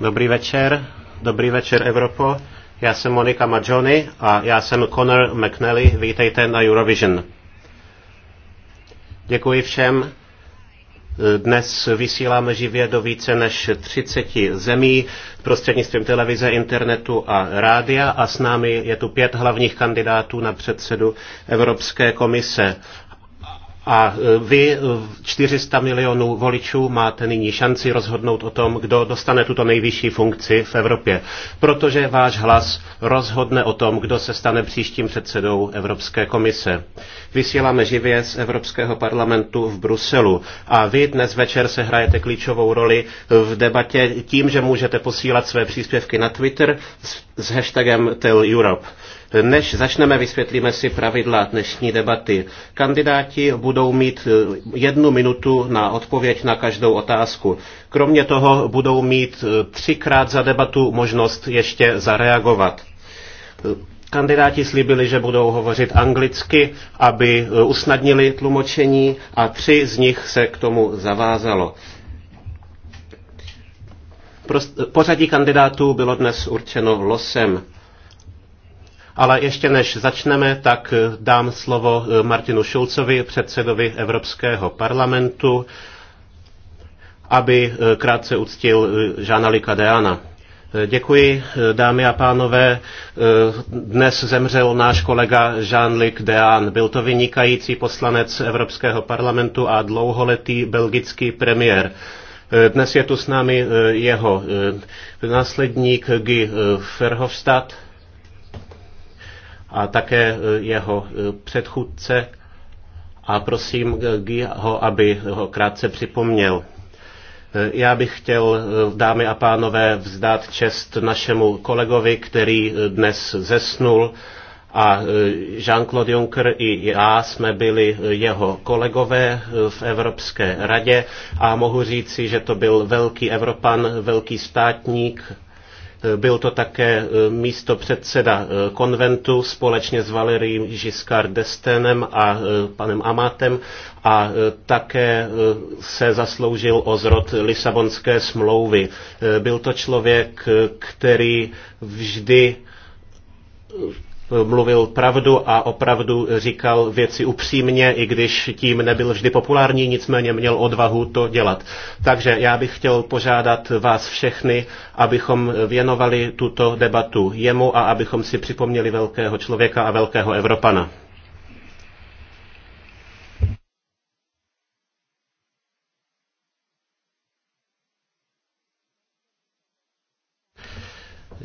Dobrý večer, dobrý večer Evropo. Já jsem Monika Majoni a já jsem Connor McNally. Vítejte na Eurovision. Děkuji všem. Dnes vysíláme živě do více než 30 zemí prostřednictvím televize, internetu a rádia a s námi je tu pět hlavních kandidátů na předsedu Evropské komise. A e, vy, 400 e, milionů voličů, máte nyní šanci rozhodnout o tom, kdo dostane tuto nejvyšší funkci v Evropě. Protože váš hlas rozhodne o tom, kdo se stane příštím předsedou Evropské komise. Vysíláme živě z Evropského parlamentu v Bruselu. A vy dnes večer se hrajete klíčovou roli v debatě tím, že můžete posílat své příspěvky na Twitter s, s hashtagem Tell Europe. Než začneme, vysvětlíme si pravidla dnešní debaty. Kandidáti budou mít eh, jednu minutu na odpověď na každou otázku. Kromě toho budou mít eh, třikrát za debatu možnost ještě zareagovat. Eh, kandidáti slíbili, že budou hovořit anglicky, aby usnadnili tlumočení a tři z nich se k tomu zavázalo. Pořadí kandidátů bylo dnes určeno losem. Ale ještě než začneme, tak eh, dám slovo eh, Martinu Šulcovi, předsedovi Evropského parlamentu, aby eh, krátce uctil Žána Deana. Děkuji, dámy a pánové. Dnes zemřel náš kolega Jean-Luc Dean. Byl to vynikající poslanec Evropského parlamentu a dlouholetý belgický premiér. Dnes je tu s námi jeho následník Guy Verhofstadt a také e, jeho e, předchůdce a prosím ho, aby ho krátce připomněl. E, já bych chtěl, dámy a pánové, vzdát čest našemu kolegovi, který dnes zesnul a Jean-Claude Juncker i já jsme byli jeho kolegové v Evropské radě a mohu říci, že to byl velký Evropan, velký státník, byl to také e, místo předseda e, konventu společně s Valerijem Giscard d'Estenem a e, panem Amatem a také se zasloužil o zrod Lisabonské smlouvy. Byl to člověk, který vždy mluvil pravdu a opravdu říkal věci upřímně, i když tím nebyl vždy populární, nicméně měl odvahu to dělat. Takže já bych chtěl požádat vás všechny, abychom věnovali tuto debatu jemu a abychom si připomněli velkého člověka a velkého Evropana.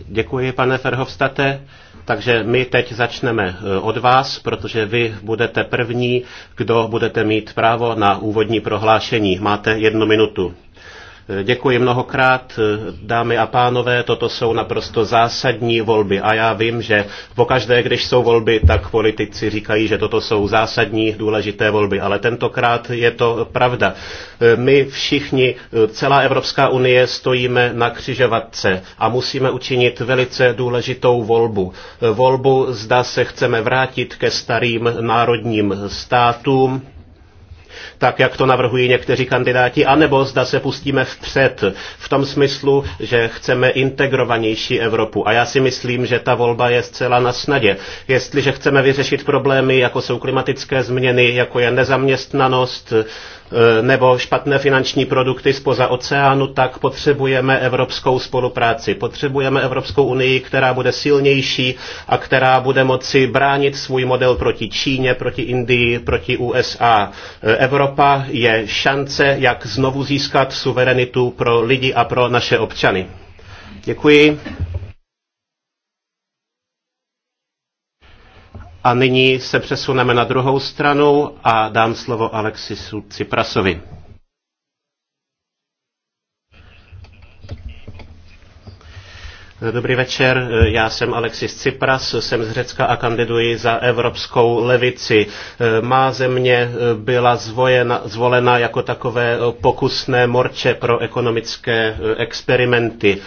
Děkuji, pane Ferhovstate. Takže my teď začneme e, od vás, protože vy budete první, kdo budete mít právo na úvodní prohlášení. Máte jednu minutu. Děkuji mnohokrát, dámy a pánové, toto jsou naprosto zásadní volby a já vím, že pokaždé, když jsou volby, tak politici říkají, že toto jsou zásadní důležité volby, ale tentokrát je to pravda. My všichni, celá Evropská unie, stojíme na křižovatce a musíme učinit velice důležitou volbu. Volbu, zda se chceme vrátit ke starým národním státům, tak jak to navrhují někteří kandidáti, anebo zda se pustíme vpřed v tom smyslu, že chceme integrovanější Evropu. A já si myslím, že ta volba je zcela na snadě. Jestliže chceme vyřešit problémy, jako jsou klimatické změny, jako je nezaměstnanost, E, nebo špatné finanční produkty spoza oceánu, tak potřebujeme evropskou spolupráci. Potřebujeme Evropskou unii, která bude silnější a která bude moci bránit svůj model proti Číně, proti Indii, proti USA. E, Evropa je šance, jak znovu získat suverenitu pro lidi a pro naše občany. Děkuji. A nyní se přesuneme na druhou stranu a dám slovo Alexisu Ciprasovi. Dobrý večer, já jsem Alexis Cipras, jsem z Řecka a kandiduji za Evropskou levici. Má země byla zvojena, zvolena jako takové pokusné morče pro ekonomické experimenty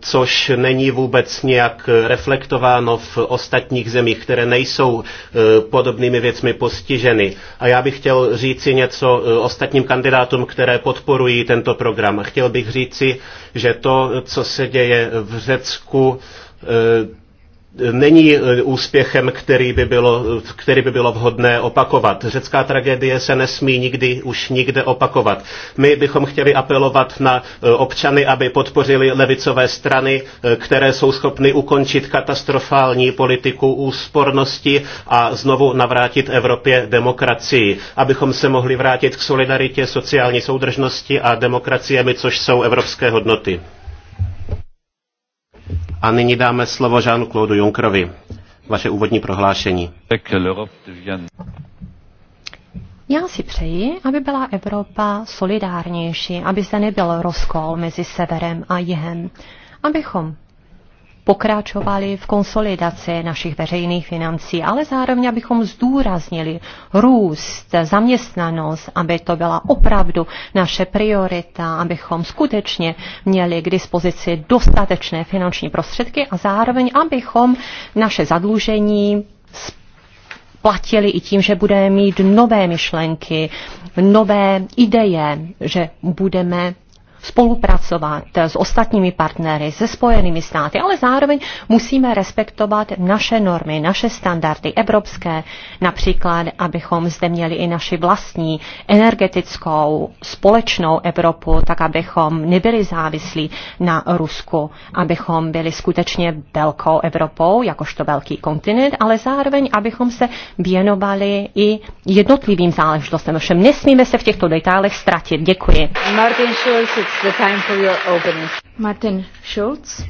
což není vůbec nějak reflektováno v ostatních zemích, které nejsou e, podobnými věcmi postiženy. A já bych chtěl říci něco e, ostatním kandidátům, které podporují tento program. Chtěl bych říci, že to, co se děje v Řecku, e, není e, úspěchem, který by, bylo, e, který by bylo vhodné opakovat. Řecká tragédie se nesmí nikdy už nikde opakovat. My bychom chtěli apelovat na e, občany, aby podpořili levicové strany, které jsou schopny ukončit katastrofální politiku úspornosti a znovu navrátit Evropě demokracii, abychom se mohli vrátit k solidaritě, sociální soudržnosti a demokraciemi, což jsou evropské hodnoty. A nyní dáme slovo Žánu Claudu Junkrovi. Vaše úvodní prohlášení. Já si přeji, aby byla Evropa solidárnější, aby se nebyl rozkol mezi severem a jihem, abychom pokračovali v konsolidaci našich veřejných financí, ale zároveň, abychom zdůraznili růst, zaměstnanost, aby to byla opravdu naše priorita, abychom skutečně měli k dispozici dostatečné finanční prostředky a zároveň, abychom naše zadlužení platili i tím, že budeme mít nové myšlenky, nové ideje, že budeme spolupracovat s ostatními partnery, se spojenými státy, ale zároveň musíme respektovat naše normy, naše standardy evropské, například, abychom zde měli i naši vlastní energetickou společnou Evropu, tak abychom nebyli závislí na Rusku, abychom byli skutečně velkou Evropou, jakožto velký kontinent, ale zároveň, abychom se věnovali i jednotlivým záležitostem. Všem nesmíme se v těchto detailech ztratit. Děkuji. Martin Schulz, the time for your opening. Martin Schulz,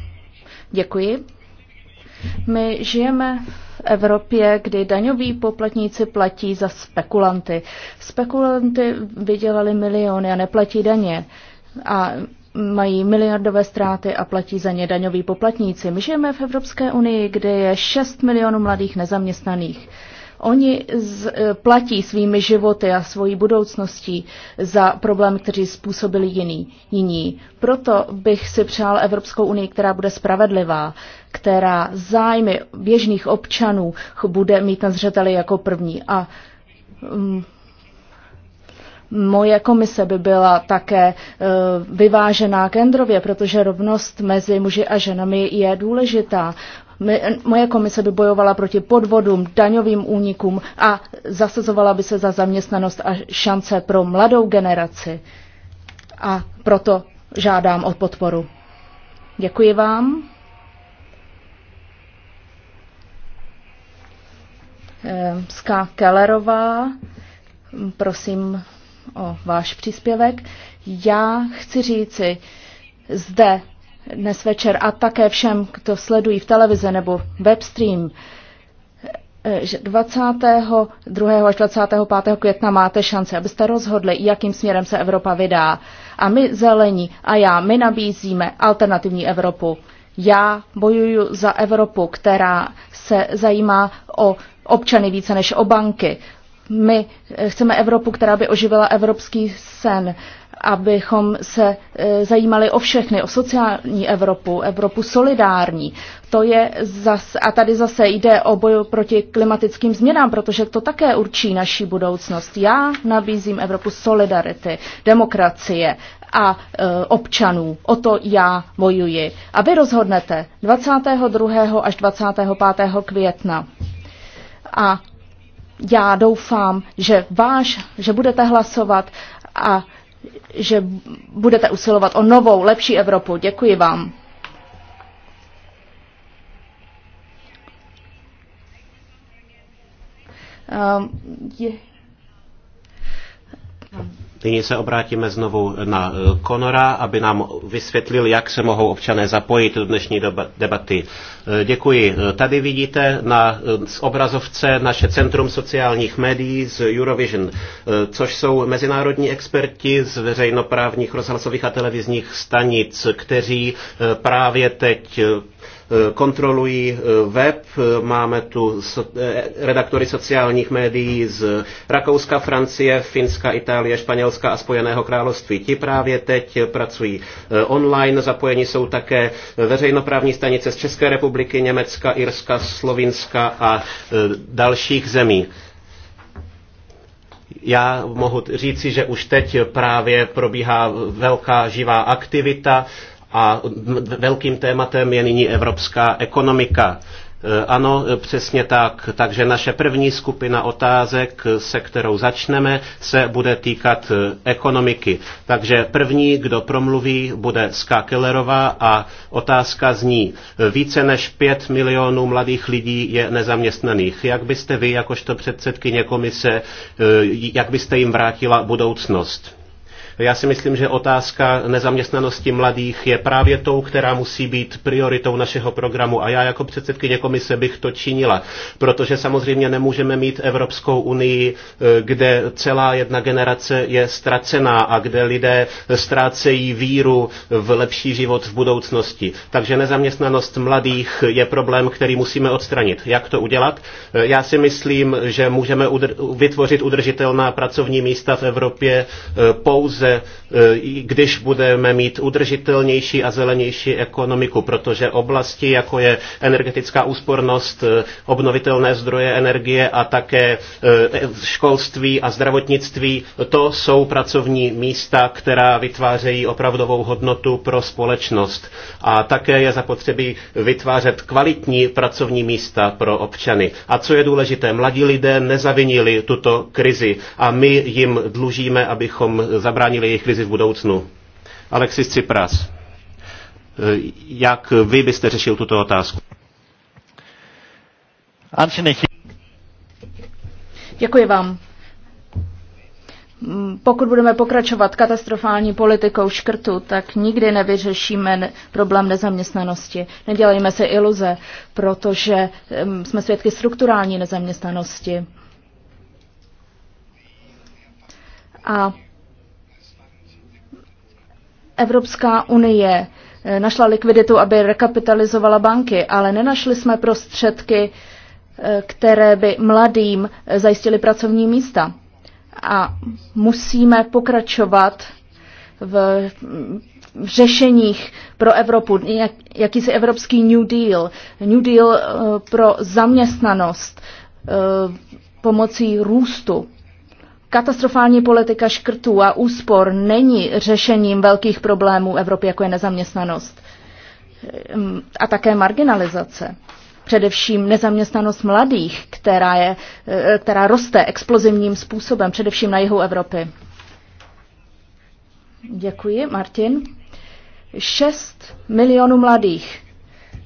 děkuji. My žijeme v Evropě, kdy daňoví poplatníci platí za spekulanty. Spekulanty vydělali miliony a neplatí daně. A mají miliardové ztráty a platí za ně daňoví poplatníci. My žijeme v Evropské unii, kde je 6 milionů mladých nezaměstnaných. Oni z, e, platí svými životy a svojí budoucností za problém, kteří způsobili jiný, jiní. Proto bych si přál Evropskou unii, která bude spravedlivá, která zájmy běžných občanů bude mít na zřeteli jako první. A um, moje komise by byla také e, vyvážená k genderově, protože rovnost mezi muži a ženami je důležitá my, moje komise by bojovala proti podvodům, daňovým únikům a zasazovala by se za zaměstnanost a šance pro mladou generaci. A proto žádám o podporu. Děkuji vám. Ska Kellerová, prosím o váš příspěvek. Já chci říci, zde dnes večer a také všem, kdo sledují v televizi nebo webstream, eh, že 22. až 25. května máte šanci, abyste rozhodli, jakým směrem se Evropa vydá. A my zelení a já, my nabízíme alternativní Evropu. Já bojuju za Evropu, která se zajímá o občany více než o banky, my chceme Evropu, která by oživila evropský sen, abychom se e, zajímali o všechny, o sociální Evropu, Evropu solidární. To je zas, a tady zase jde o boj proti klimatickým změnám, protože to také určí naší budoucnost. Já nabízím Evropu solidarity, demokracie a e, občanů. O to já bojuji. A vy rozhodnete 22. až 25. května. A já doufám, že váš, že budete hlasovat a že budete usilovat o novou, lepší Evropu. Děkuji vám. Um, je... um. Nyní se obrátíme znovu na Konora, eh, aby nám vysvětlil, jak se mohou občané zapojit do dnešní debaty. Eh, děkuji. Eh, tady vidíte na obrazovce naše Centrum sociálních médií z Eurovision, což jsou mezinárodní experti z veřejnoprávních rozhlasových a televizních stanic, kteří právě teď Eh, kontrolují eh, web, eh, máme tu redaktory sociálních médií z Rakouska, Francie, Finska, Itálie, Španělska a Spojeného království. Ti právě teď pracují online, zapojeni jsou také veřejnoprávní stanice z České republiky, Německa, Irska, Slovinska a dalších zemí. Já mohu říci, že už teď právě probíhá velká živá aktivita a velkým tématem je nyní evropská ekonomika. E, ano, přesně tak. Takže naše první skupina otázek, se kterou začneme, se bude týkat e, ekonomiky. Takže první, kdo promluví, bude Ska Kellerová a otázka zní. E, více než 5 milionů mladých lidí je nezaměstnaných. Jak byste vy, jakožto předsedkyně komise, jak byste jim vrátila budoucnost? Já si myslím, že otázka nezaměstnanosti mladých je právě tou, která musí být prioritou našeho programu a já jako předsedkyně komise bych to činila, protože samozřejmě nemůžeme mít Evropskou unii, eh, kde celá jedna generace je ztracená a kde lidé ztrácejí víru v lepší život v budoucnosti. Takže nezaměstnanost mladých je problém, který musíme odstranit. Jak to udělat? Eh, já si myslím, že můžeme vytvořit udržitelná pracovní místa v Evropě eh, pouze pouze, eh, když budeme mít udržitelnější a zelenější ekonomiku, protože oblasti, jako je energetická úspornost, eh, obnovitelné zdroje energie a také eh, školství a zdravotnictví, to jsou pracovní místa, která vytvářejí opravdovou hodnotu pro společnost. A také je zapotřebí vytvářet kvalitní pracovní místa pro občany. A co je důležité, mladí lidé nezavinili tuto krizi a my jim dlužíme, abychom zabránili zabránili jejich krizi v budoucnu. Alexis Tsipras, eh, jak vy byste řešil tuto otázku? Děkuji vám. Mm, pokud budeme pokračovat katastrofální politikou škrtu, tak nikdy nevyřešíme problém nezaměstnanosti. Nedělejme se iluze, protože mm, jsme svědky strukturální nezaměstnanosti. A Evropská unie eh, našla likviditu, aby rekapitalizovala banky, ale nenašli jsme prostředky, eh, které by mladým eh, zajistily pracovní místa. A musíme pokračovat v řešeních pro Evropu, jak, jakýsi evropský New Deal, New Deal pro zaměstnanost pomocí růstu. Katastrofální politika škrtů a úspor není řešením velkých problémů Evropy, jako je nezaměstnanost ehm, a také marginalizace. Především nezaměstnanost mladých, která, je, eh, která roste explozivním způsobem, především na jihu Evropy. Děkuji, Martin. 6 milionů mladých,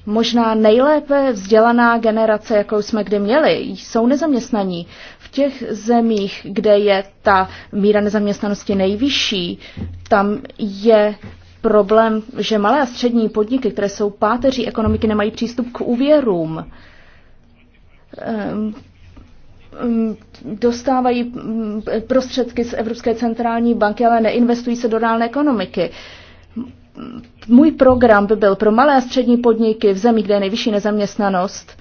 možná nejlépe vzdělaná generace, jakou jsme kdy měli, jsou nezaměstnaní. V těch zemích, kde je ta míra nezaměstnanosti nejvyšší, tam je problém, že malé a střední podniky, které jsou páteří ekonomiky, nemají přístup k úvěrům. Ehm, ehm, dostávají ehm, prostředky z Evropské centrální banky, ale neinvestují se do reálné ekonomiky můj program by byl pro malé a střední podniky v zemi, kde je nejvyšší nezaměstnanost,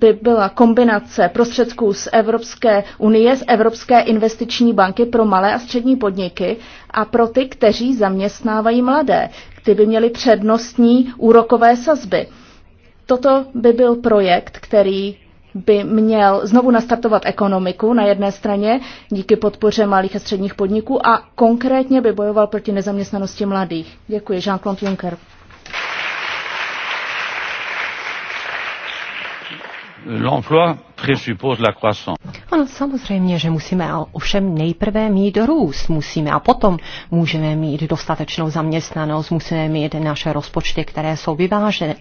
by byla kombinace prostředků z Evropské unie, z Evropské investiční banky pro malé a střední podniky a pro ty, kteří zaměstnávají mladé. Ty by měly přednostní úrokové sazby. Toto by byl projekt, který by měl znovu nastartovat ekonomiku na jedné straně díky podpoře malých a středních podniků a konkrétně by bojoval proti nezaměstnanosti mladých. Děkuji, Jean-Claude Juncker. l'emploi présuppose la croissance. Ano, samozřejmě, že musíme ovšem nejprve mít růst, musíme a potom můžeme mít dostatečnou zaměstnanost, musíme mít naše rozpočty, které jsou vyvážené.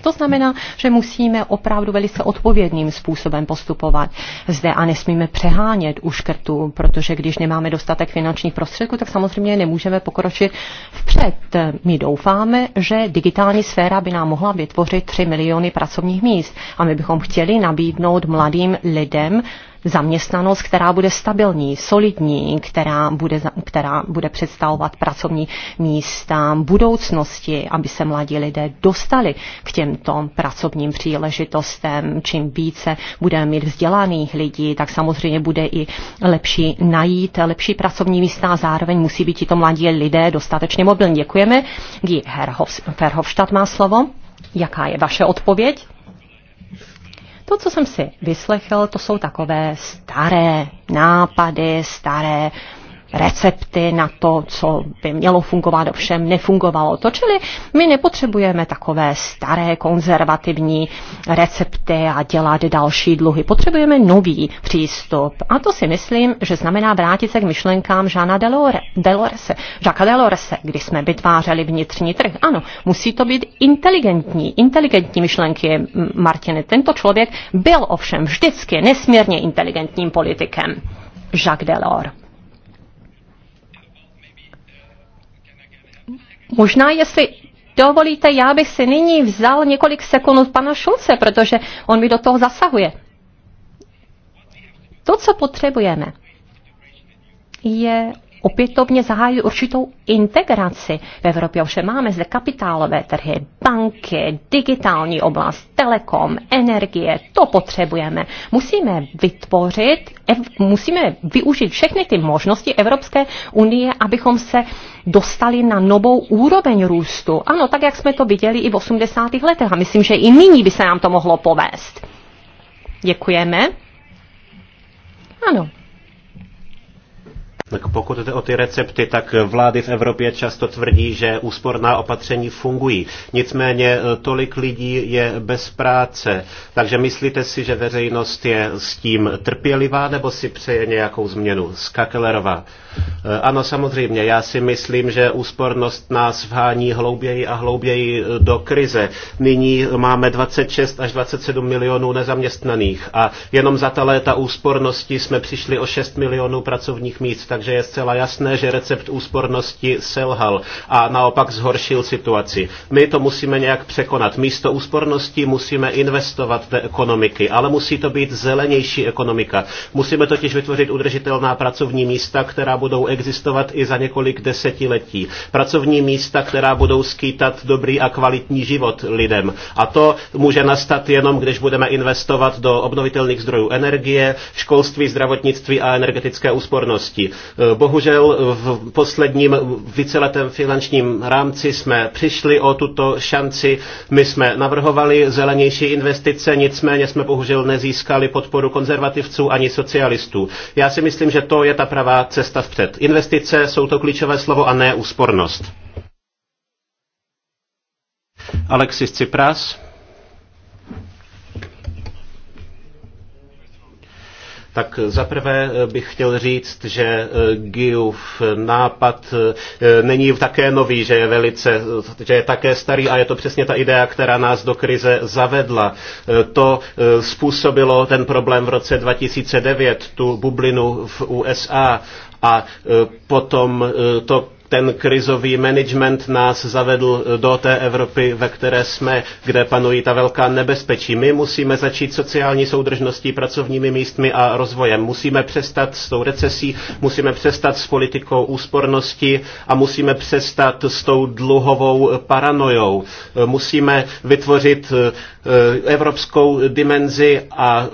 To znamená, že musíme opravdu velice odpovědným způsobem postupovat zde a nesmíme přehánět u škrtu, protože když nemáme dostatek finančních prostředků, tak samozřejmě nemůžeme pokročit vpřed. My doufáme, že digitální sféra by nám mohla vytvořit 3 miliony pracovních míst a my bychom chtěli nabídnout mladým lidem zaměstnanost, která bude stabilní, solidní, která bude, která bude představovat pracovní místa budoucnosti, aby se mladí lidé dostali k těmto pracovním příležitostem. Čím více budeme mít vzdělaných lidí, tak samozřejmě bude i lepší najít lepší pracovní místa a zároveň musí být to mladí lidé dostatečně mobilní. Děkujeme. Guy Verhofstadt má slovo. Jaká je vaše odpověď? To, co jsem si vyslechl, to jsou takové staré nápady, staré recepty na to, co by mělo fungovat, ovšem nefungovalo to. Čili my nepotřebujeme takové staré konzervativní recepty a dělat další dluhy. Potřebujeme nový přístup. A to si myslím, že znamená vrátit se k myšlenkám Žána Delorese. Žáka Delorese, kdy jsme vytvářeli vnitřní trh. Ano, musí to být inteligentní, inteligentní myšlenky Martiny. Tento člověk byl ovšem vždycky nesmírně inteligentním politikem. Jacques Delors. Možná, jestli dovolíte, já bych si nyní vzal několik sekund od pana Šulce, protože on mi do toho zasahuje. To, co potřebujeme, je opětovně zahájit určitou integraci v Evropě. Už máme zde kapitálové trhy, banky, digitální oblast, telekom, energie, to potřebujeme. Musíme vytvořit, musíme využít všechny ty možnosti Evropské unie, abychom se dostali na novou úroveň růstu. Ano, tak jak jsme to viděli i v 80. letech a myslím, že i nyní by se nám to mohlo povést. Děkujeme. Ano, tak pokud jde o ty recepty, tak vlády v Evropě často tvrdí, že úsporná opatření fungují. Nicméně e, tolik lidí je bez práce. Takže myslíte si, že veřejnost je s tím trpělivá nebo si přeje nějakou změnu? Skakelerová. E, ano, samozřejmě. Já si myslím, že úspornost nás vhání hlouběji a hlouběji e, do krize. Nyní máme 26 až 27 milionů nezaměstnaných a jenom za ta léta úspornosti jsme přišli o 6 milionů pracovních míst. Tak takže je zcela jasné, že recept úspornosti selhal a naopak zhoršil situaci. My to musíme nějak překonat. Místo úspornosti musíme investovat do ekonomiky, ale musí to být zelenější ekonomika. Musíme totiž vytvořit udržitelná pracovní místa, která budou existovat i za několik desetiletí. Pracovní místa, která budou skýtat dobrý a kvalitní život lidem. A to může nastat jenom, když budeme investovat do obnovitelných zdrojů energie, školství, zdravotnictví a energetické úspornosti. Eh, bohužel v posledním víceletém finančním rámci jsme přišli o tuto šanci. My jsme navrhovali zelenější investice, nicméně jsme bohužel nezískali podporu konzervativců ani socialistů. Já si myslím, že to je ta pravá cesta vpřed. Investice jsou to klíčové slovo a ne úspornost. Alexis Tsipras. Tak zaprvé eh, bych chtěl říct, že eh, Giův nápad eh, není také nový, že je velice, že je také starý a je to přesně ta idea, která nás do krize zavedla. To způsobilo ten problém v roce 2009, tu bublinu v USA a potom to ten krizový management nás zavedl eh, do té Evropy, ve které jsme, kde panují ta velká nebezpečí. My musíme začít sociální soudržností, pracovními místmi a rozvojem. Musíme přestat s tou recesí, musíme přestat s politikou úspornosti a musíme přestat s tou dluhovou eh, paranojou. Eh, musíme vytvořit evropskou dimenzi a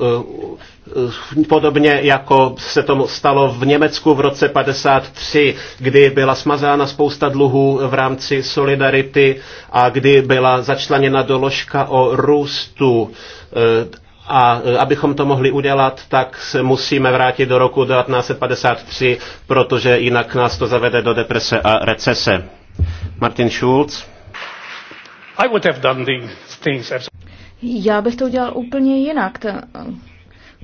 Eh, podobně jako se tomu stalo v Německu v roce 53, kdy byla smazána spousta dluhů v rámci solidarity a kdy byla začleněna doložka o růstu. Eh, a eh, abychom to mohli udělat, tak se musíme vrátit do roku 1953, protože jinak nás to zavede do deprese a recese. Martin Schulz. I would have done things. Já bych to udělal úplně jinak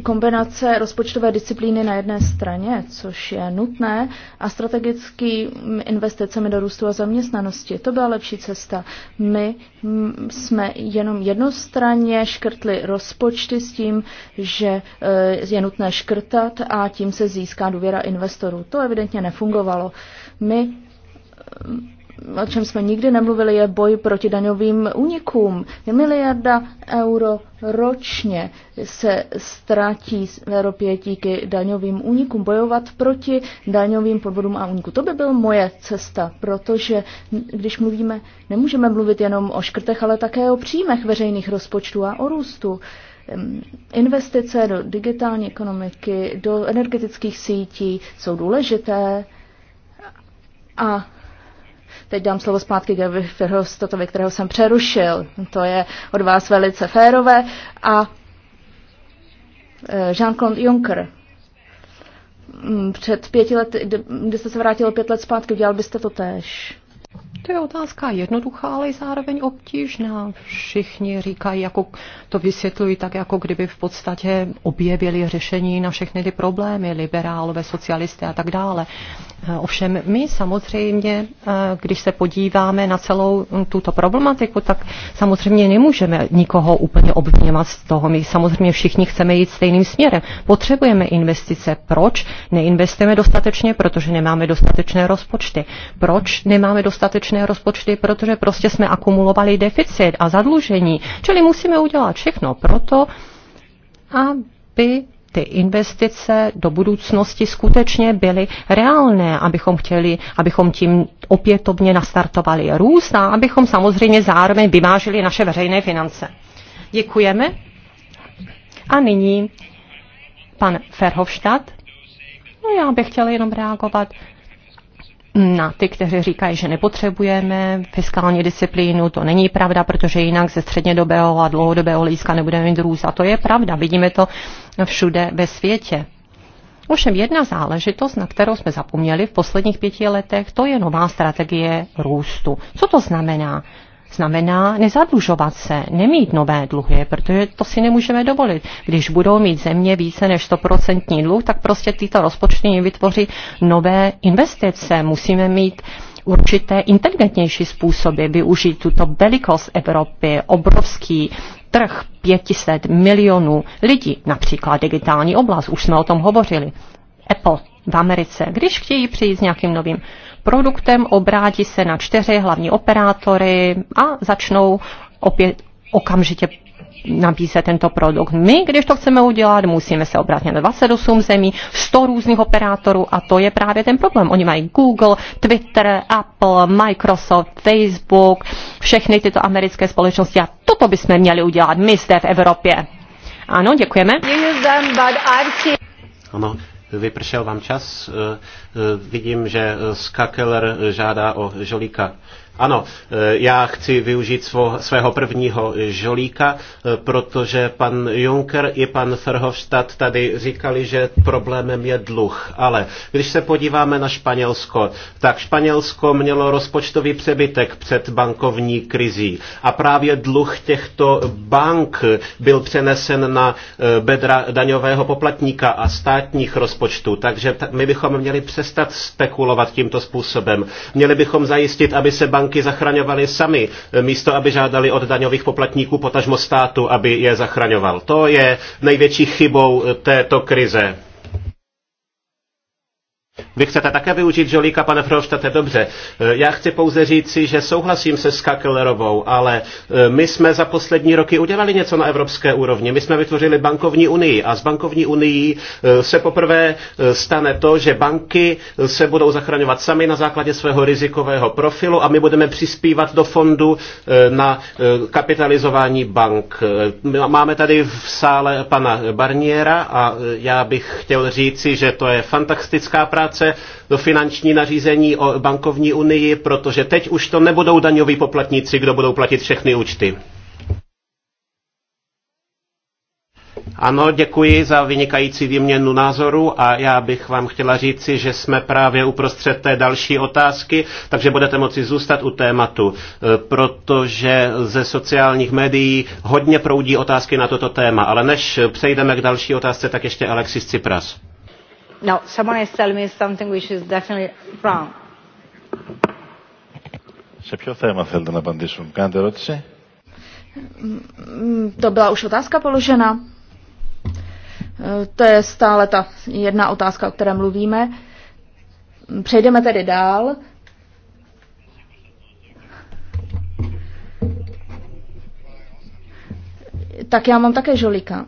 kombinace rozpočtové disciplíny na jedné straně, což je nutné, a strategickými investicemi do růstu a zaměstnanosti. To byla lepší cesta. My mm, jsme jenom jednostranně škrtli rozpočty s tím, že eh, je nutné škrtat a tím se získá důvěra investorů. To evidentně nefungovalo. My mm, o čem jsme nikdy nemluvili, je boj proti daňovým únikům. Miliarda euro ročně se ztratí v Evropě díky daňovým únikům. Bojovat proti daňovým podvodům a úniku. To by byl moje cesta, protože když mluvíme, nemůžeme mluvit jenom o škrtech, ale také o příjmech veřejných rozpočtů a o růstu investice do digitální ekonomiky, do energetických sítí jsou důležité a Teď dám slovo zpátky Gavi Ferhostatovi, kterého jsem přerušil. To je od vás velice férové. A e, Jean-Claude Juncker, mm, před pěti lety, kdy jste se vrátil pět let zpátky, udělal byste to též? To je otázka jednoduchá, ale i zároveň obtížná. Všichni říkají, jako to vysvětlují tak, jako kdyby v podstatě objevili řešení na všechny ty problémy, liberálové, socialisté a tak dále. Eh, ovšem my samozřejmě, eh, když se podíváme na celou hm, tuto problematiku, tak samozřejmě nemůžeme nikoho úplně obviněvat z toho. My samozřejmě všichni chceme jít stejným směrem. Potřebujeme investice. Proč neinvestujeme dostatečně? Protože nemáme dostatečné rozpočty. Proč nemáme dostatečné dostatečné rozpočty, protože prostě jsme akumulovali deficit a zadlužení. Čili musíme udělat všechno proto, aby ty investice do budoucnosti skutečně byly reálné, abychom chtěli, abychom tím opětovně nastartovali růst a abychom samozřejmě zároveň vyvážili naše veřejné finance. Děkujeme. A nyní pan Ferhofstadt. No já bych chtěla jenom reagovat na ty, kteří říkají, že nepotřebujeme fiskální disciplínu. To není pravda, protože jinak ze střednědobého a dlouhodobého lízka nebudeme mít růst. A to je pravda, vidíme to všude ve světě. Ovšem jedna záležitost, na kterou jsme zapomněli v posledních pěti letech, to je nová strategie růstu. Co to znamená? znamená nezadlužovat se, nemít nové dluhy, protože to si nemůžeme dovolit. Když budou mít země více než 100% dluh, tak prostě tyto rozpočty vytvoří nové investice. Musíme mít určité inteligentnější způsoby využít tuto velikost Evropy, obrovský trh 500 milionů lidí, například digitální oblast, už jsme o tom hovořili. Apple v Americe, když chtějí přijít s nějakým novým produktem, obrátí se na čtyři hlavní operátory a začnou opět okamžitě nabízet tento produkt. My, když to chceme udělat, musíme se obrátit na 28 zemí, 100 různých operátorů a to je právě ten problém. Oni mají Google, Twitter, Apple, Microsoft, Facebook, všechny tyto americké společnosti a toto bychom měli udělat my zde v Evropě. Ano, děkujeme. Ano, Vypršel vám čas. Eh, eh, vidím, že Skakeler žádá o žolíka. Ano, eh, já chci využít svého, svého prvního žolíka, eh, protože pan Juncker i pan Ferhofstadt tady říkali, že problémem je dluh. Ale když se podíváme na Španělsko, tak Španělsko mělo rozpočtový přebytek před bankovní krizí. A právě dluh těchto bank byl přenesen na eh, bedra daňového poplatníka a státních rozpočtů. Takže my bychom měli přestat spekulovat tímto způsobem. Měli bychom zajistit, aby se bank banky zachraňovaly sami, e, místo aby žádali od daňových poplatníků potažmo státu, aby je zachraňoval. To je největší chybou e, této krize. Vy chcete také využít žolíka, pane Froštate, dobře. E, já chci pouze říci, že souhlasím se Skakelerovou, ale e, my jsme za poslední roky udělali něco na evropské úrovni. My jsme vytvořili bankovní unii a z bankovní unii e, se poprvé stane to, že banky se budou zachraňovat sami na základě svého rizikového profilu a my budeme přispívat do fondu na kapitalizování bank. Máme tady v sále pana Barniera a já bych chtěl říci, že to je fantastická práce implementace do finanční nařízení o bankovní unii, protože teď už to nebudou daňoví poplatníci, kdo budou platit všechny účty. Ano, děkuji za vynikající výměnu názoru a já bych vám chtěla říci, že jsme právě uprostřed té další otázky, takže budete moci zůstat u tématu, e, protože ze sociálních médií hodně proudí otázky na toto téma. Ale než přejdeme k další otázce, tak ještě Alexis Cipras no someone is telling me something which is definitely wrong. Σε ποιο θέμα θέλετε να απαντήσουν, κάντε ερώτηση. Mm, to byla už otázka položena. Eh, to je stále ta jedna otázka, o které mluvíme. Přejdeme tedy dál. Tak já mám také žolika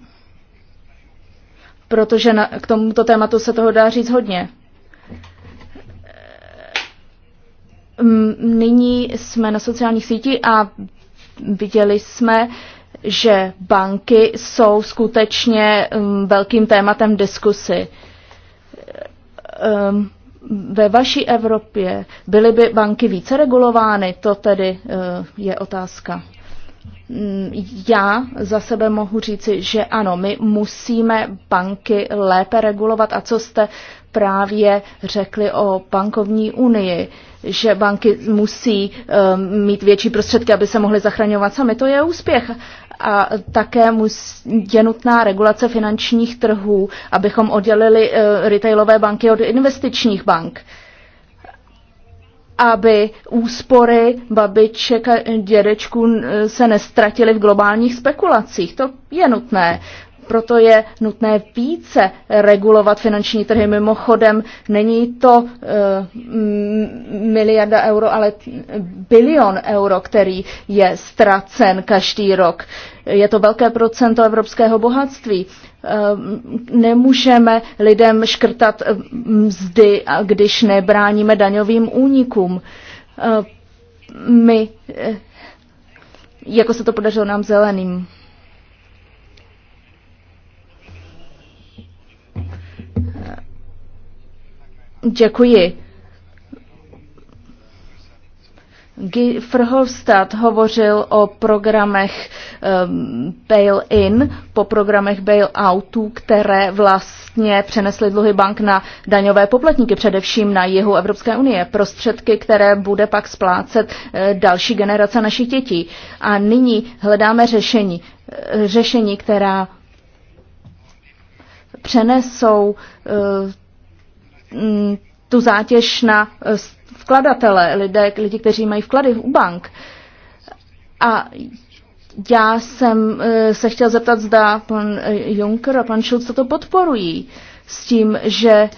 protože na, k tomuto tématu se toho dá říct hodně. Ehm, nyní jsme na sociálních sítích a viděli jsme, že banky jsou skutečně ehm, velkým tématem diskusy. Ehm, ve vaší Evropě byly by banky více regulovány? To tedy eh, je otázka. Mm, já za sebe mohu říci, že ano, my musíme banky lépe regulovat a co jste právě řekli o bankovní unii, že banky musí um, mít větší prostředky, aby se mohly zachraňovat sami, to je úspěch. A také mus, je nutná regulace finančních trhů, abychom oddělili uh, retailové banky od investičních bank. Uh, aby úspory babiček a dědečků se nestratily v globálních spekulacích. To je nutné. Proto je nutné více regulovat finanční trhy. Mimochodem, není to uh, miliarda euro, ale bilion euro, který je ztracen každý rok. Je to velké procento evropského bohatství. Ehm, nemůžeme lidem škrtat ehm, mzdy, když nebráníme daňovým únikům. Ehm, my, eh, jako se to podařilo nám zeleným. Děkuji. Guy Verhofstadt hovořil o programech um, bail-in, po programech bail-outů, které vlastně přenesly dluhy bank na daňové poplatníky, především na jihu Evropské unie. Prostředky, které bude pak splácet uh, další generace našich dětí. A nyní hledáme řešení. Uh, řešení, která přenesou uh, tu zátěž na eh, vkladatele, lidé, lidi, kteří mají vklady u bank. A já jsem eh, se chtěl zeptat, zda pan eh, Juncker a pan Schulz to podporují s tím, že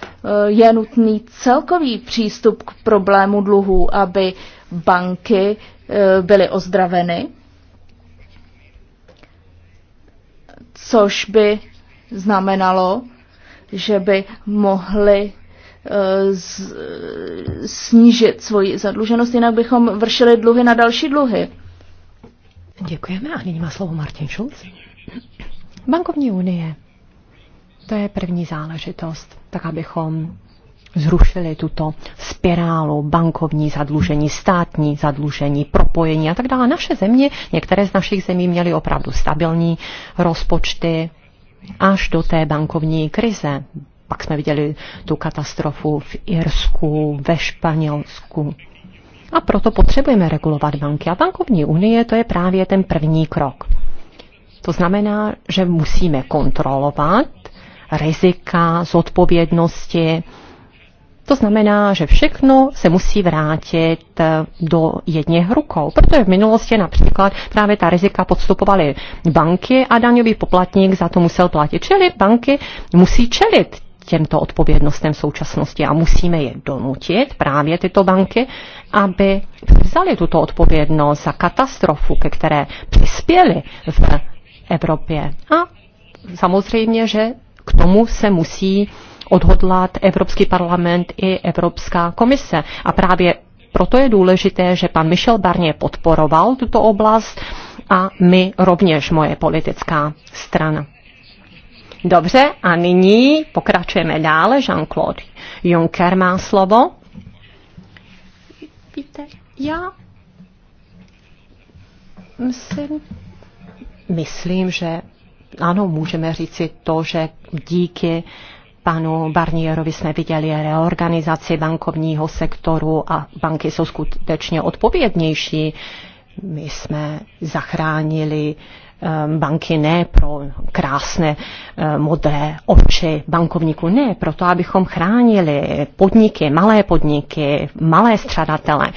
je nutný celkový přístup k problému dluhu, aby banky byly ozdraveny, což by znamenalo, že by mohly Eh, snížit svoji zadluženost, jinak bychom vršili dluhy na další dluhy. Děkujeme a nyní má slovo Martin Schulz. Bankovní unie. To je první záležitost, tak abychom zrušili tuto spirálu bankovní zadlužení, státní zadlužení, propojení a tak dále. Naše země, některé z našich zemí měly opravdu stabilní rozpočty až do té bankovní krize. Pak jsme viděli tu katastrofu v Irsku, ve Španělsku. A proto potřebujeme regulovat banky. A bankovní unie to je právě ten první krok. To znamená, že musíme kontrolovat rizika, zodpovědnosti. To znamená, že všechno se musí vrátit eh, do jedněch rukou, protože v minulosti například právě ta rizika podstupovaly banky a daňový poplatník za to musel platit. Čili banky musí čelit těmto odpovědnostem v současnosti a musíme je donutit, právě tyto banky, aby vzali tuto odpovědnost za katastrofu, ke které přispěly v Evropě. A samozřejmě, že k tomu se musí odhodlat Evropský parlament i Evropská komise. A právě proto je důležité, že pan Michel Barnier podporoval tuto oblast a my rovněž moje politická strana. Dobře, a nyní pokračujeme dále. Jean-Claude Juncker má slovo. Víte, já myslím, myslím, že ano, můžeme říci to, že díky panu Barnierovi jsme viděli reorganizaci bankovního sektoru a banky jsou skutečně odpovědnější. My jsme zachránili uh, Ehm, banky ne pro krásné ehm, modré oči bankovníků, ne, proto abychom chránili podniky, malé podniky, malé střadatele,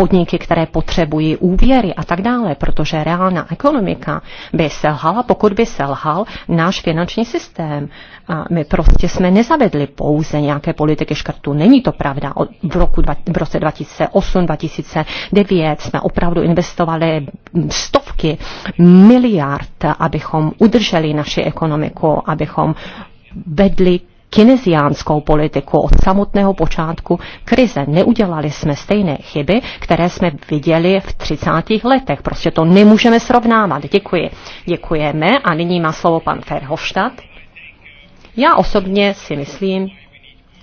podniky, které potřebují úvěry a tak dále, protože reálná ekonomika by selhala, pokud by selhal náš finanční systém. A my prostě jsme nezavedli pouze nějaké politiky škrtu. Není to pravda. V, roku, v roce 2008-2009 jsme opravdu investovali stovky miliard, abychom udrželi naši ekonomiku, abychom vedli kineziánskou politiku od samotného počátku krize. Neudělali jsme stejné chyby, které jsme viděli v 30. letech. Prostě to nemůžeme srovnávat. Děkuji. Děkujeme a nyní má slovo pan Ferhofstadt. Já osobně si myslím,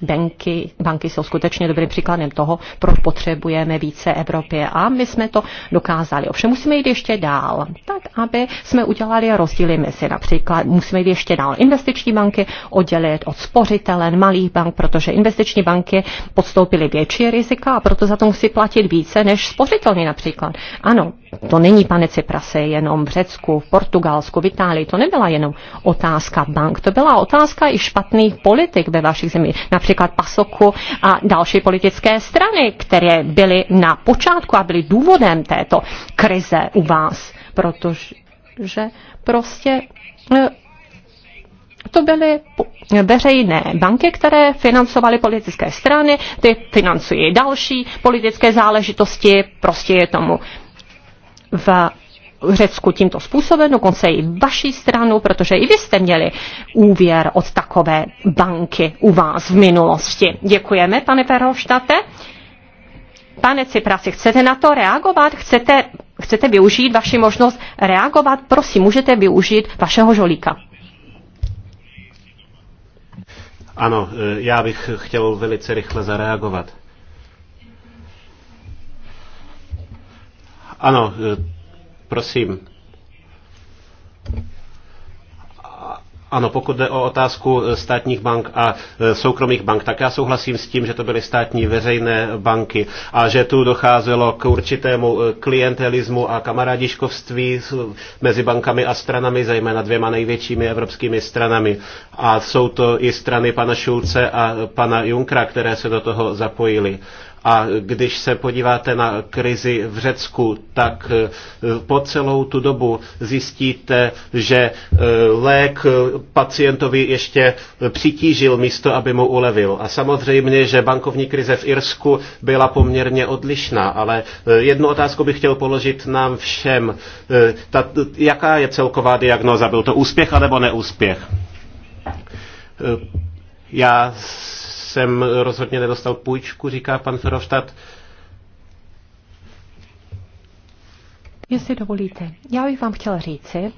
banky, banky jsou skutečně dobrým příkladem toho, proč potřebujeme více Evropě. A my jsme to dokázali. Ovšem musíme jít ještě dál, tak aby jsme udělali rozdíly mezi například, musíme jít ještě dál investiční banky oddělit od spořitelen malých bank, protože investiční banky podstoupily větší rizika a proto za to musí platit více než spořitelní například. Ano, to není, pane Ciprase, jenom v Řecku, v Portugalsku, v Itálii. To nebyla jenom otázka bank. To byla otázka i špatných politik ve vašich zemích. Například Pasoku a další politické strany, které byly na počátku a byly důvodem této krize u vás. Protože prostě eh, to byly veřejné banky, které financovaly politické strany, ty financují další politické záležitosti, prostě je tomu v Řecku tímto způsobem, dokonce i vaší stranu, protože i vy jste měli úvěr od takové banky u vás v minulosti. Děkujeme, pane Perhoštate. Pane Ciprasi, chcete na to reagovat? Chcete, chcete využít vaši možnost reagovat? Prosím, můžete využít vašeho žolíka. Ano, e, já bych chtěl velice rychle zareagovat. Ano, eh, prosím. Ano, pokud jde o otázku eh, státních bank a eh, soukromých bank, tak já souhlasím s tím, že to byly státní veřejné banky a že tu docházelo k určitému klientelismu a kamarádiškovství mezi bankami a stranami, zejména dvěma největšími evropskými stranami. A jsou to i strany pana Šulce a pana Junkra, které se do toho zapojily. A když se podíváte na krizi v Řecku, tak eh, po celou tu dobu zjistíte, že eh, lék pacientovi ještě přitížil místo, aby mu ulevil. A samozřejmě, že bankovní krize v Irsku byla poměrně odlišná, ale eh, jednu otázku bych chtěl položit nám všem. Ta, jaká je celková diagnoza? Byl to úspěch alebo neúspěch? Já jsem rozhodně nedostal půjčku, říká pan Ferovštad. Jestli dovolíte, já bych vám chtěla říci,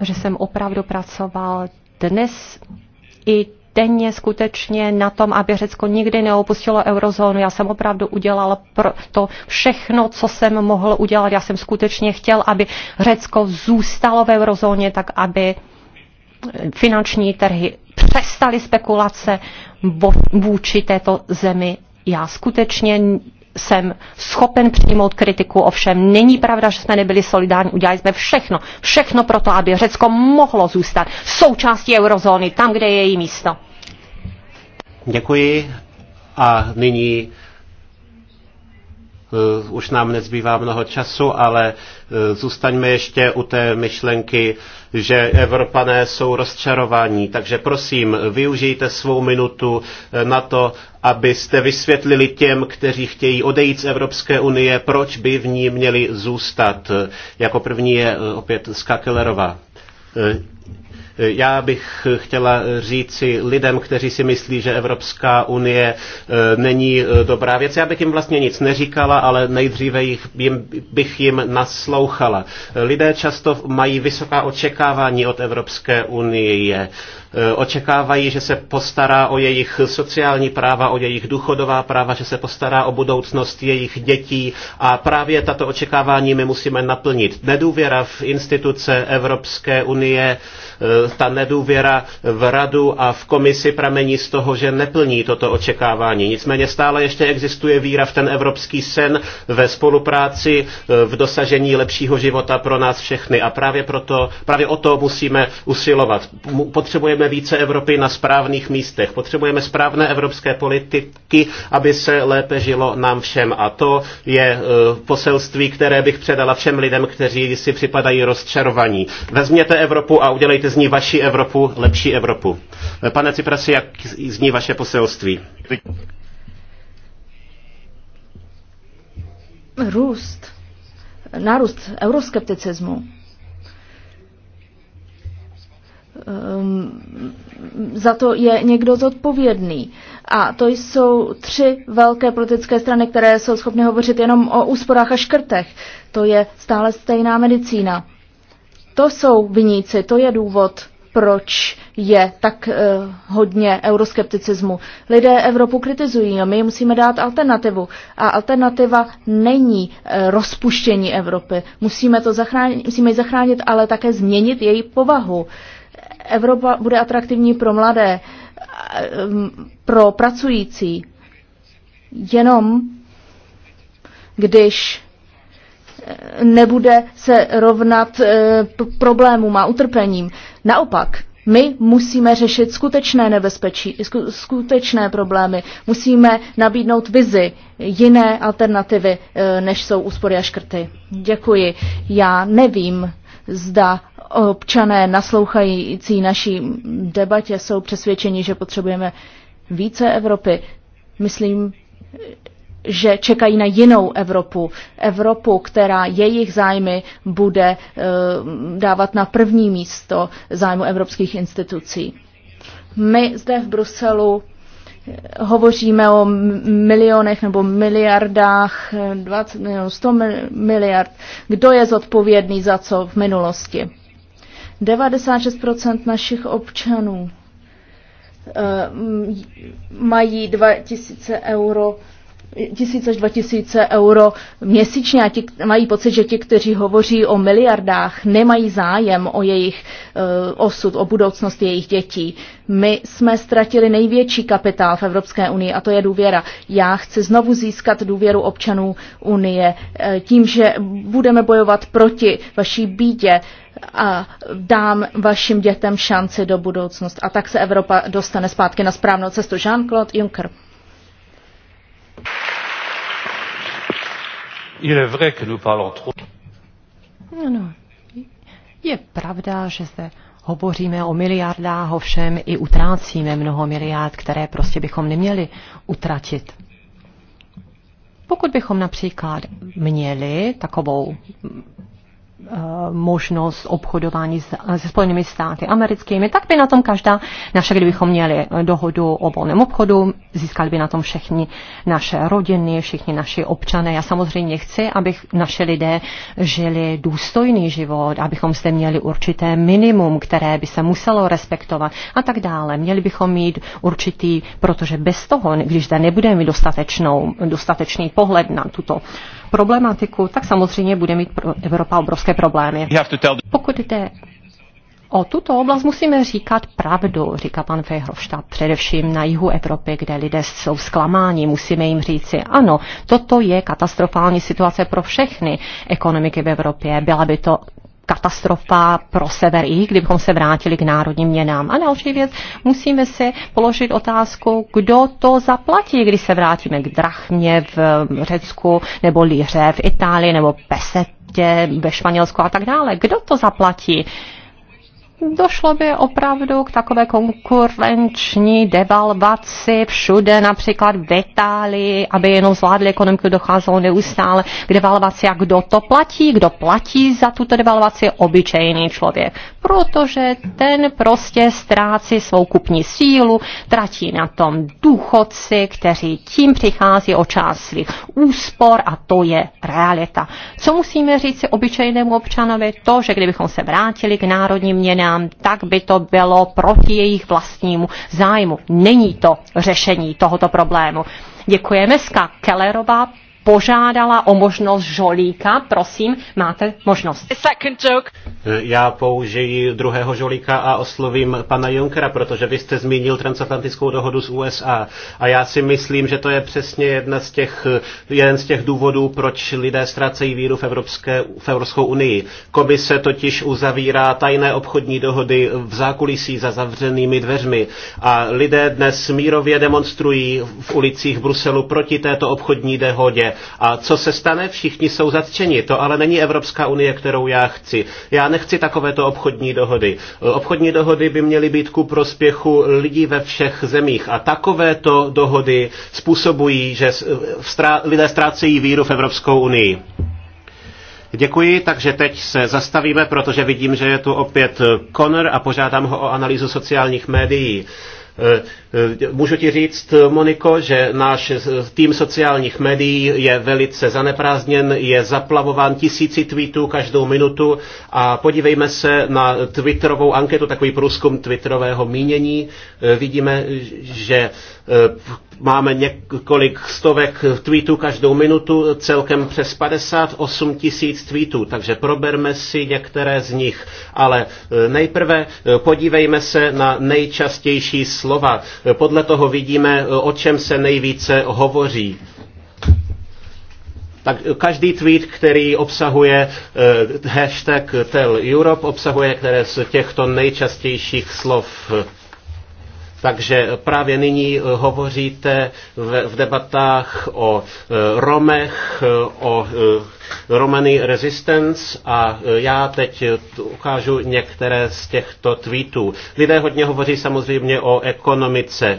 že jsem opravdu pracoval dnes i denně skutečně na tom, aby Řecko nikdy neopustilo eurozónu. Já jsem opravdu udělal pro to všechno, co jsem mohl udělat. Já jsem skutečně chtěl, aby Řecko zůstalo v eurozóně, tak aby finanční trhy, přestaly spekulace vůči této zemi. Já skutečně jsem schopen přijmout kritiku, ovšem není pravda, že jsme nebyli solidární, udělali jsme všechno, všechno pro to, aby Řecko mohlo zůstat součástí eurozóny, tam, kde je její místo. Děkuji a nyní Eh, už nám nezbývá mnoho času, ale eh, zůstaňme ještě u té myšlenky, že Evropané jsou rozčarovaní. Takže prosím, využijte svou minutu eh, na to, abyste vysvětlili těm, kteří chtějí odejít z Evropské unie, proč by v ní měli zůstat. Jako první je opět Skakelerová. Já bych chtěla říci lidem, kteří si myslí, že Evropská unie eh, není eh, dobrá věc, já bych jim vlastně nic neříkala, ale nejdříve jich, jim, bych jim naslouchala. Lidé často mají vysoká očekávání od Evropské unie eh, očekávají, že se postará o jejich sociální práva, o jejich důchodová práva, že se postará o budoucnost jejich dětí a právě tato očekávání my musíme naplnit. Nedůvěra v instituce Evropské unie ta nedůvěra v radu a v komisi pramení z toho, že neplní toto očekávání. Nicméně stále ještě existuje víra v ten evropský sen, ve spolupráci, e, v dosažení lepšího života pro nás všechny. A právě, proto, právě o to musíme usilovat. Potřebujeme více Evropy na správných místech. Potřebujeme správné evropské politiky, aby se lépe žilo nám všem. A to je e, poselství, které bych předala všem lidem, kteří si připadají rozčarovaní. Vezměte Evropu a udělejte z ní vaši Evropu, lepší Evropu. Pane Ciprasi, jak zní vaše poselství? Růst, nárůst euroskepticismu um, za to je někdo zodpovědný. A to jsou tři velké politické strany, které jsou schopny hovořit jenom o úsporách a škrtech. To je stále stejná medicína. To jsou viníci, to je důvod, proč je tak uh, hodně euroskepticismu. Lidé Evropu kritizují a my musíme dát alternativu. A alternativa není uh, rozpuštění Evropy. Musíme, to zachránit, musíme ji zachránit, ale také změnit její povahu. Evropa bude atraktivní pro mladé, eh, pro pracující. Jenom když nebude se rovnat eh, problémům a utrpením. Naopak, my musíme řešit skutečné nebezpečí, skutečné problémy. Musíme nabídnout vizi, jiné alternativy, eh, než jsou úspory a škrty. Děkuji. Já nevím, zda občané naslouchající naší debatě jsou přesvědčeni, že potřebujeme více Evropy. Myslím, že čekají na jinou Evropu. Evropu, která jejich zájmy bude eh, dávat na první místo zájmu evropských institucí. My zde v Bruselu eh, hovoříme o milionech nebo miliardách, 20 eh, nebo 100 miliard. Kdo je zodpovědný za co v minulosti? 96% našich občanů mají 2000 euro tisíc až 2000 euro měsíčně a ti mají pocit, že ti, kteří hovoří o miliardách, nemají zájem o jejich uh, osud, o budoucnost jejich dětí. My jsme ztratili největší kapitál v Evropské unii a to je důvěra. Já chci znovu získat důvěru občanů Unie eh, tím, že budeme bojovat proti vaší bídě a dám vašim dětem šanci do budoucnost. A tak se Evropa dostane zpátky na správnou cestu. Jean-Claude Juncker. Il est vrai que nous parlons trop. No, Je pravda, že se hovoříme o miliardách, ovšem i utrácíme mnoho miliard, které prostě bychom neměli utratit. Pokud bychom například měli takovou Eh, možnost obchodování eh, se Spojenými státy americkými, tak by na tom každá naše, kdybychom měli eh, dohodu o volném obchodu, získali by na tom všechny naše rodiny, všichni naši občané. Já samozřejmě chci, aby naše lidé žili důstojný život, abychom zde měli určité minimum, které by se muselo respektovat a tak dále. Měli bychom mít určitý, protože bez toho, když zde nebudeme mít dostatečnou, dostatečný pohled na tuto uh, problematiku, tak samozřejmě bude mít Evropa obrovské problémy. Pokud jde O tuto oblast musíme říkat pravdu, říká pan Fejhrovštát, především na jihu Evropy, kde lidé jsou zklamáni. Musíme jim říci, ano, toto je katastrofální situace pro všechny ekonomiky v Evropě. Byla by to katastrofa pro sever i, kdybychom se vrátili k národním měnám. A další věc, musíme si položit otázku, kdo to zaplatí, když se vrátíme k drachmě v um, Řecku, nebo liře v Itálii, nebo pesetě ve Španělsku a tak dále. Kdo to zaplatí? došlo by opravdu k takové konkurenční devalvaci všude, například v Itálii, aby jenom zvládli ekonomiku, docházelo neustále k devalvaci. A kdo to platí? Kdo platí za tuto devalvaci? Obyčejný člověk. Protože ten prostě ztrácí svou kupní sílu, tratí na tom důchodci, kteří tím přichází o část svých úspor a to je realita. Co musíme říct si obyčejnému občanovi? To, že kdybychom se vrátili k národní měně, rodinám, tak by to bylo proti jejich vlastnímu zájmu. Není to řešení tohoto problému. Děkujeme. Ska Kellerová požádala o možnost žolíka. Prosím, máte možnost. E, já použiji druhého žolíka a oslovím pana Junkera, protože vy jste zmínil transatlantickou dohodu z USA. A já si myslím, že to je přesně jedna z těch, jeden z těch důvodů, proč lidé ztrácejí víru v, Evropské, v Evropskou unii. Komise totiž uzavírá tajné obchodní dohody v zákulisí za zavřenými dveřmi. A lidé dnes mírově demonstrují v ulicích Bruselu proti této obchodní dohodě a co se stane? Všichni jsou zatčeni. To ale není Evropská unie, kterou já chci. Já nechci takovéto obchodní dohody. Obchodní dohody by měly být ku prospěchu lidí ve všech zemích. A takovéto dohody způsobují, že lidé ztrácejí víru v Evropskou unii. Děkuji, takže teď se zastavíme, protože vidím, že je tu opět Connor a požádám ho o analýzu sociálních médií. Eh, eh, můžu ti říct, Moniko, že náš eh, tým sociálních médií je velice zaneprázdněn, je zaplavován tisíci tweetů každou minutu a podívejme se na twitterovou anketu, takový průzkum twitterového mínění. Vidíme, že Máme několik stovek tweetů každou minutu, celkem přes 58 tisíc tweetů, takže proberme si některé z nich. Ale e, nejprve e, podívejme se na nejčastější slova. E, podle toho vidíme, o čem se nejvíce hovoří. Tak každý tweet, který obsahuje hashtag Tell Europe, obsahuje které z těchto nejčastějších slov takže právě nyní eh, hovoříte v debatách o eh, Romech, eh, o Romany Resistance a e, já teď ukážu některé z těchto tweetů. Lidé hodně hovoří samozřejmě o ekonomice. E,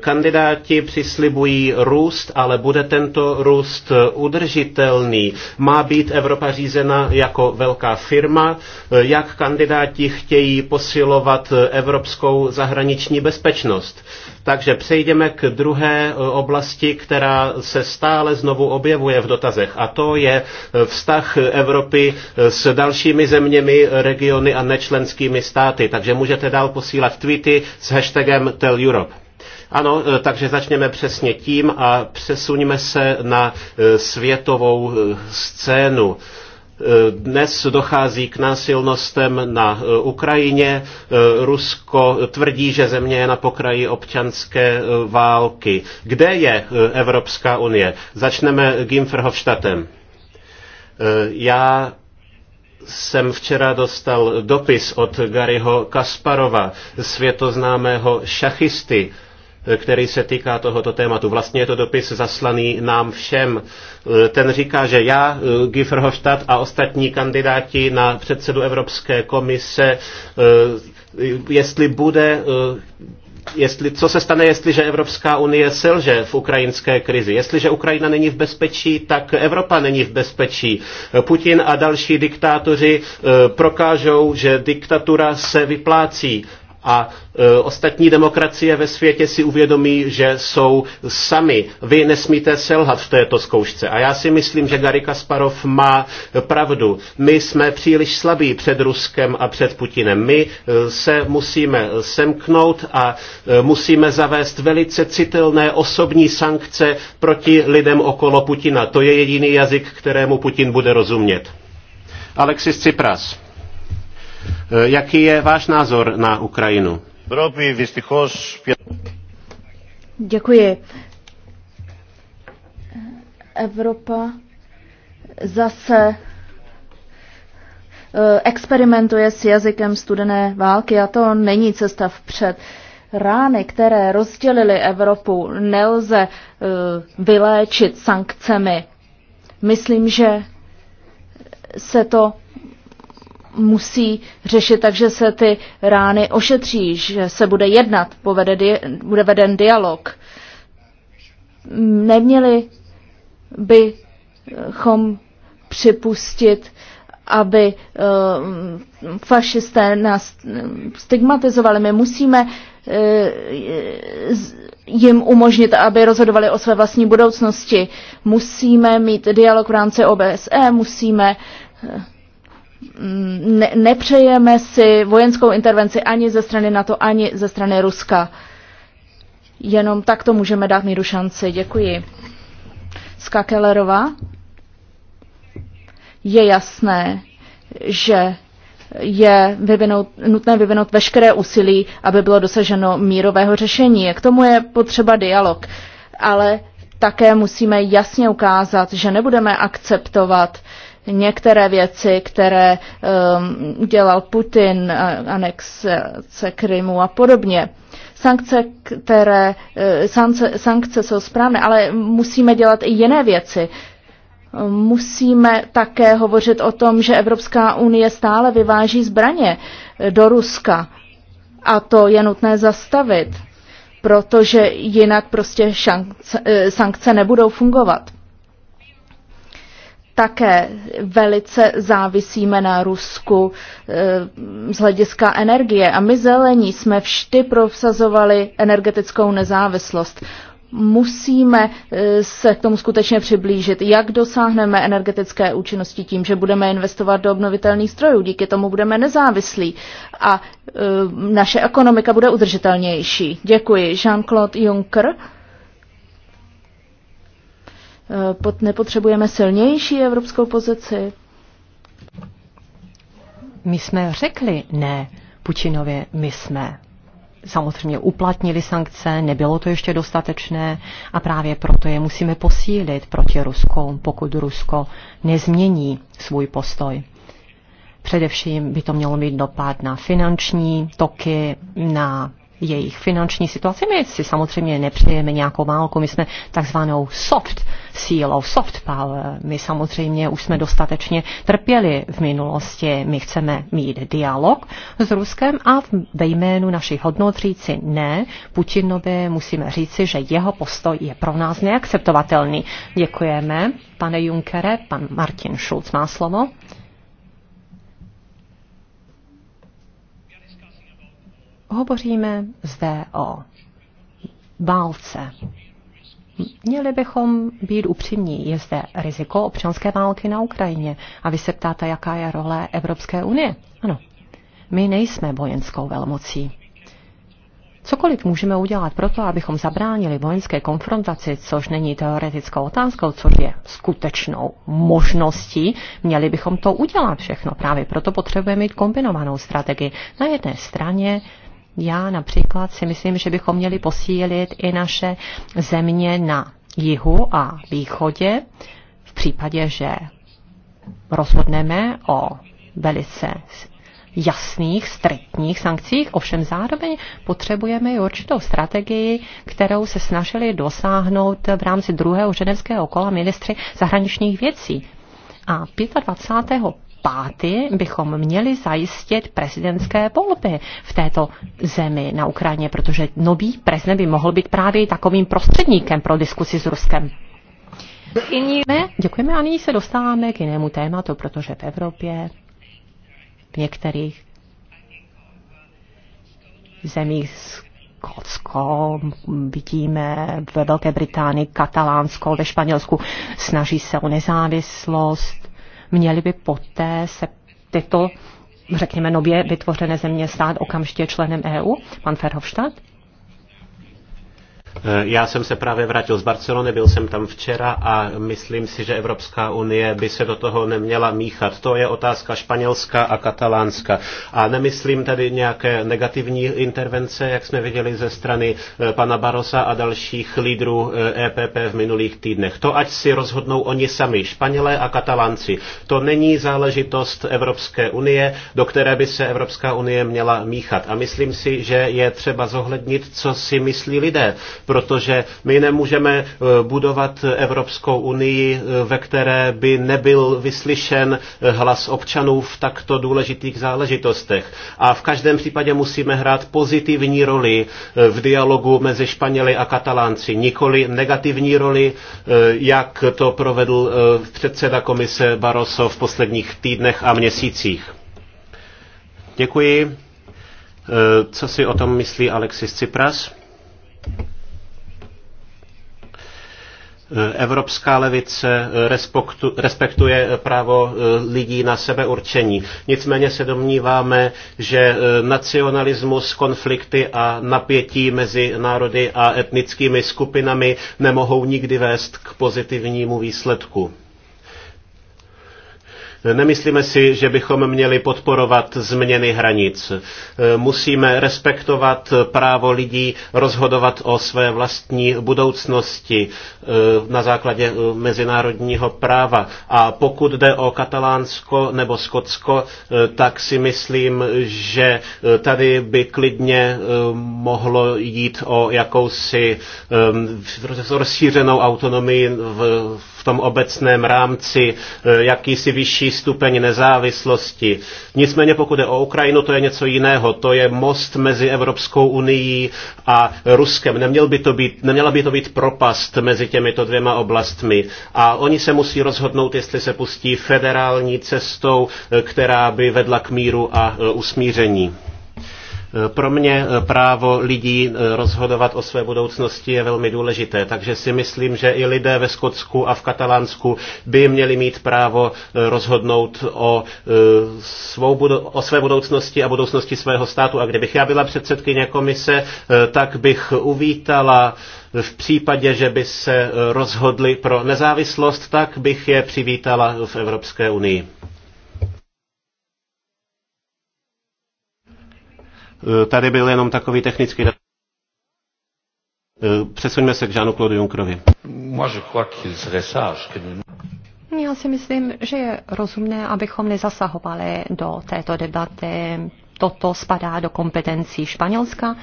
kandidáti přislibují růst, ale bude tento růst udržitelný. Má být Evropa řízena jako velká firma, e, jak kandidáti chtějí posilovat evropskou zahraniční bezpečnost. Takže přejdeme k druhé e, oblasti, která se stále znovu objevuje v dotazech a to je e, vztah Evropy e, s dalšími zeměmi, regiony a nečlenskými státy. Takže můžete dál posílat tweety s hashtagem Tell Europe. Ano, takže začněme přesně tím a přesuňme se na světovou scénu. Dnes dochází k násilnostem na e, Ukrajině. E, Rusko tvrdí, že země je na pokraji občanské e, války. Kde je Evropská unie? Začneme Gimferhofstadtem. Já jsem včera dostal dopis od Garyho Kasparova, světoznámého šachisty, který se týká tohoto tématu. Vlastně je to dopis zaslaný nám všem. Ten říká, že já, Gifferhofstadt a ostatní kandidáti na předsedu Evropské komise, eh, jestli bude eh, jestli, co se stane, jestliže Evropská unie selže v ukrajinské krizi. Jestliže Ukrajina není v bezpečí, tak Evropa není v bezpečí. Putin a další diktátoři eh, prokážou, že diktatura se vyplácí a e, ostatní demokracie ve světě si uvědomí, že jsou sami. Vy nesmíte selhat v této zkoušce. A já si myslím, že Gary Kasparov má pravdu. My jsme příliš slabí před Ruskem a před Putinem. My e, se musíme semknout a e, musíme zavést velice citelné osobní sankce proti lidem okolo Putina. To je jediný jazyk, kterému Putin bude rozumět. Alexis Tsipras. Eh, jaký je váš názor na Ukrajinu? Děkuji. Evropa zase eh, experimentuje s jazykem studené války a to není cesta vpřed. Rány, které rozdělily Evropu, nelze eh, vyléčit sankcemi. Myslím, že se to musí řešit tak, že se ty rány ošetří, že se bude jednat, povede di- bude veden dialog. Neměli bychom připustit, aby uh, fašisté nás eh, stigmatizovali. My musíme eh, jim umožnit, aby rozhodovali o své vlastní budoucnosti. Musíme mít dialog v rámci OBSE, musíme Mm, ne, nepřejeme si vojenskou intervenci ani ze strany NATO, ani ze strany Ruska. Jenom tak to můžeme dát míru šanci. Děkuji. Skakelerová? Je jasné, že je vyvinout, nutné vyvinout veškeré úsilí, aby bylo dosaženo mírového řešení. K tomu je potřeba dialog, ale také musíme jasně ukázat, že nebudeme akceptovat uh, některé věci, které um, dělal Putin, anexe Krymu a podobně. Sankce, které, eh, sankce, sankce jsou správné, ale musíme dělat i jiné věci. Musíme také hovořit o tom, že Evropská unie stále vyváží zbraně do Ruska a to je nutné zastavit, protože jinak prostě šankce, eh, sankce nebudou fungovat také velice závisíme na Rusku eh, z hlediska energie. A my zelení jsme vždy prosazovali energetickou nezávislost. Musíme eh, se k tomu skutečně přiblížit. Jak dosáhneme energetické účinnosti tím, že budeme investovat do obnovitelných strojů? Díky tomu budeme nezávislí a eh, naše ekonomika bude udržitelnější. Děkuji. Jean-Claude Juncker. Eh, Pod, nepotřebujeme silnější evropskou pozici? My jsme řekli ne Putinově, my jsme samozřejmě uplatnili sankce, nebylo to ještě dostatečné a právě proto je musíme posílit proti Rusku, pokud Rusko nezmění svůj postoj. Především by to mělo mít dopad na finanční toky, na jejich finanční situaci. My si samozřejmě nepřejeme nějakou válku, my jsme takzvanou soft sílou, soft power. My samozřejmě už jsme dostatečně trpěli v minulosti. My chceme mít dialog s Ruskem a ve jménu našich hodnot říci ne. Putinovi musíme říci, že jeho postoj je pro nás neakceptovatelný. Děkujeme, pane Junkere, pan Martin Schulz má slovo. Hovoříme zde o válce. Měli bychom být upřímní. Je zde riziko občanské války na Ukrajině. A vy se ptáte, jaká je role Evropské unie. Ano, my nejsme vojenskou velmocí. Cokoliv můžeme udělat proto, abychom zabránili vojenské konfrontaci, což není teoretickou otázkou, což je skutečnou možností, měli bychom to udělat všechno. Právě proto potřebujeme mít kombinovanou strategii. Na jedné straně já například si myslím, že bychom měli posílit i naše země na jihu a východě v případě, že rozhodneme o velice jasných, striktních sankcích, ovšem zároveň potřebujeme i určitou strategii, kterou se snažili dosáhnout v rámci druhého ženevského kola ministři zahraničních věcí. A 25 páty bychom měli zajistit prezidentské volby v této zemi na Ukrajině, protože nový prezident by mohl být právě takovým prostředníkem pro diskusi s Ruskem. Ne, děkujeme a nyní se dostáváme k jinému tématu, protože v Evropě v některých zemích Skotsko, vidíme ve Velké Británii, Katalánsko, ve Španělsku, snaží se o nezávislost, měly by poté se tyto, řekněme, nově vytvořené země stát okamžitě členem EU? Pan Ferhofstadt? Eh, já jsem se právě vrátil z Barcelony, byl jsem tam včera a myslím si, že Evropská unie by se do toho neměla míchat. To je otázka španělská a katalánská. A nemyslím tady nějaké negativní intervence, jak jsme viděli ze strany eh, pana Barosa a dalších lídrů EPP eh, e v minulých týdnech. To, ať si rozhodnou oni sami, Španělé a Katalánci. To není záležitost Evropské unie, do které by se Evropská unie měla míchat. A myslím si, že je třeba zohlednit, co si myslí lidé protože my nemůžeme eh, budovat Evropskou unii, eh, ve které by nebyl vyslyšen eh, hlas občanů v takto důležitých záležitostech. A v každém případě musíme hrát pozitivní roli v dialogu mezi Španěli a Katalánci, nikoli negativní roli, jak to provedl předseda komise Barroso v posledních týdnech a měsících. Děkuji. Co si o tom myslí Alexis Tsipras? Evropská levice eh, respektuje právo eh, lidí na sebeurčení. Nicméně se domníváme, že eh, nacionalismus, konflikty a napětí mezi národy a etnickými skupinami nemohou nikdy vést k pozitivnímu výsledku. Nemyslíme si, že bychom měli podporovat změny hranic. Musíme respektovat právo lidí rozhodovat o své vlastní budoucnosti. Eh, na základě eh, mezinárodního práva. A pokud jde o Katalánsko nebo Skotsko, eh, tak si myslím, že tady by klidně mohlo jít o jakousi rozšířenou autonomii v, v tom obecném rámci, jakýsi vyšší stupeň nezávislosti. Nicméně pokud je o Ukrajinu, to je něco jiného. To je most mezi Evropskou unii a Ruskem. Neměl by to být, neměla by to být propast mezi těmito dvěma oblastmi. A oni se musí rozhodnout, jestli se pustí federální cestou, eh, která by vedla k míru a eh, usmíření. Pro mě právo lidí eh, rozhodovat o své budoucnosti je velmi důležité, takže si myslím, že i lidé ve Skotsku a v Katalánsku by měli mít právo eh, rozhodnout o, eh, svou budu- o své budoucnosti a budoucnosti svého státu. A kdybych já byla předsedkyně komise, tak bych uvítala v případě, že by se rozhodli pro nezávislost, tak bych je přivítala v Evropské unii. Eh, tady byl jenom takový technický eh, Přesuňme se k Žánu Claude Junckerovi. Já si myslím, že je rozumné, abychom nezasahovali do této debaty. Toto spadá do kompetencí Španělska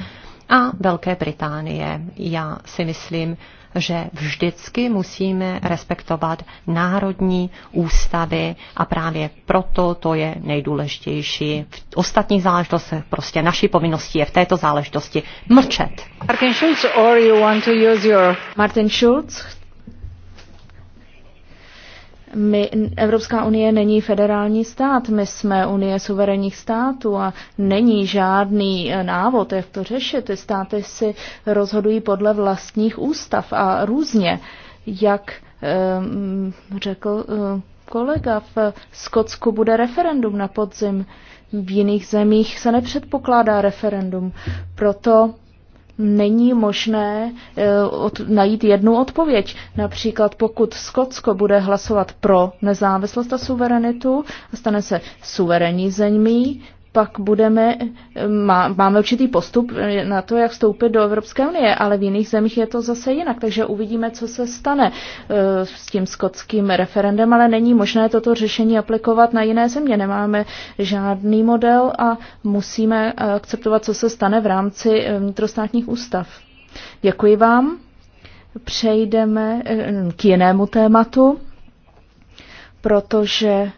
a Velké Británie. Já si myslím, že vždycky musíme respektovat národní ústavy a právě proto to je nejdůležitější. V ostatních záležitostech prostě naší povinností je v této záležitosti mlčet. Martin Schulz, or you want to use your... Martin Schulz, my, Evropská unie není federální stát, my jsme unie suverénních států a není žádný eh, návod, jak to řešit. Ty státy si rozhodují podle vlastních ústav a různě. Jak um, řekl um, kolega, v Skotsku bude referendum na podzim, v jiných zemích se nepředpokládá referendum. Proto není možné eh, najít jednu odpověď. Například pokud Skotsko bude hlasovat pro nezávislost a suverenitu, stane se suverénní zemí, pak budeme, má, máme určitý postup na to, jak vstoupit do Evropské unie, ale v jiných zemích je to zase jinak, takže uvidíme, co se stane eh, s tím skotským referendem, ale není možné toto řešení aplikovat na jiné země. Nemáme žádný model a musíme eh, akceptovat, co se stane v rámci eh, vnitrostátních ústav. Děkuji vám. Přejdeme k jinému tématu, protože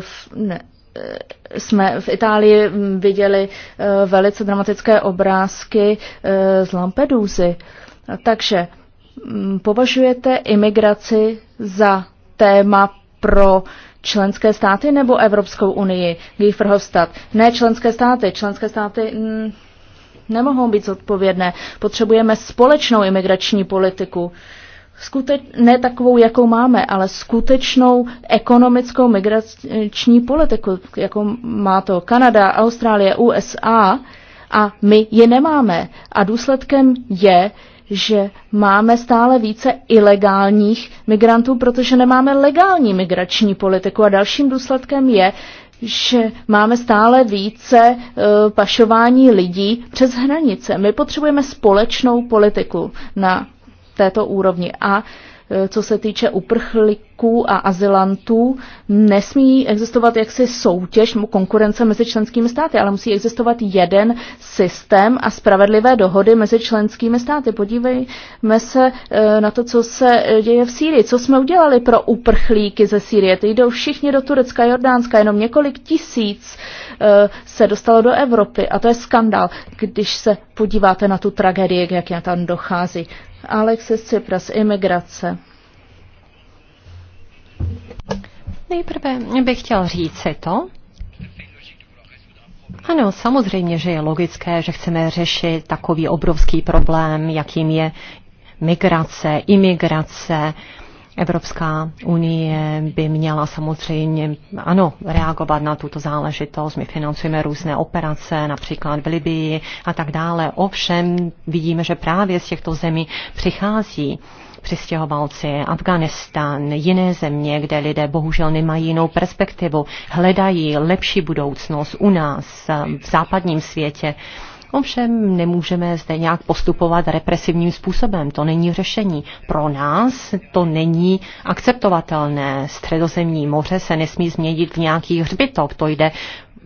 v, ne, Eh, jsme v Itálii mm, viděli eh, velice dramatické obrázky eh, z Lampedusy. Takže mm, považujete imigraci za téma pro členské státy nebo Evropskou unii? Guy Ne členské státy. Členské státy mm, nemohou být zodpovědné. Potřebujeme společnou imigrační politiku. Uh, skuteč, ne takovou, jakou máme, ale skutečnou ekonomickou migrační politiku, jako má to Kanada, Austrálie, USA, a my je nemáme. A důsledkem je, že máme stále více ilegálních migrantů, protože nemáme legální migrační politiku. A dalším důsledkem je, že máme stále více uh, pašování lidí přes hranice. My potřebujeme společnou politiku na této úrovni. A e, co se týče uprchlíků a azylantů, nesmí existovat jaksi soutěž nebo konkurence mezi členskými státy, ale musí existovat jeden systém a spravedlivé dohody mezi členskými státy. Podívejme se e, na to, co se e, děje v Sýrii. Co jsme udělali pro uprchlíky ze Sýrie? Ty jdou všichni do Turecka, Jordánska, jenom několik tisíc se dostalo do Evropy a to je skandal, když se podíváte na tu tragédii, jak tam dochází. Alexis Tsipras, imigrace. Nejprve bych chtěl říct si to, ano, samozřejmě, že je logické, že chceme řešit takový obrovský problém, jakým je migrace, imigrace, Evropská unie by měla samozřejmě, ano, reagovat na tuto záležitost. My financujeme různé operace, například v Libii a tak dále. Ovšem vidíme, že právě z těchto zemí přichází přistěhovalci, Afganistan, jiné země, kde lidé bohužel nemají jinou perspektivu, hledají lepší budoucnost u nás, v západním světě. Ovšem nemůžeme zde nějak postupovat represivním způsobem. To není řešení. Pro nás to není akceptovatelné. Středozemní moře se nesmí změnit v nějaký hřbitok. To jde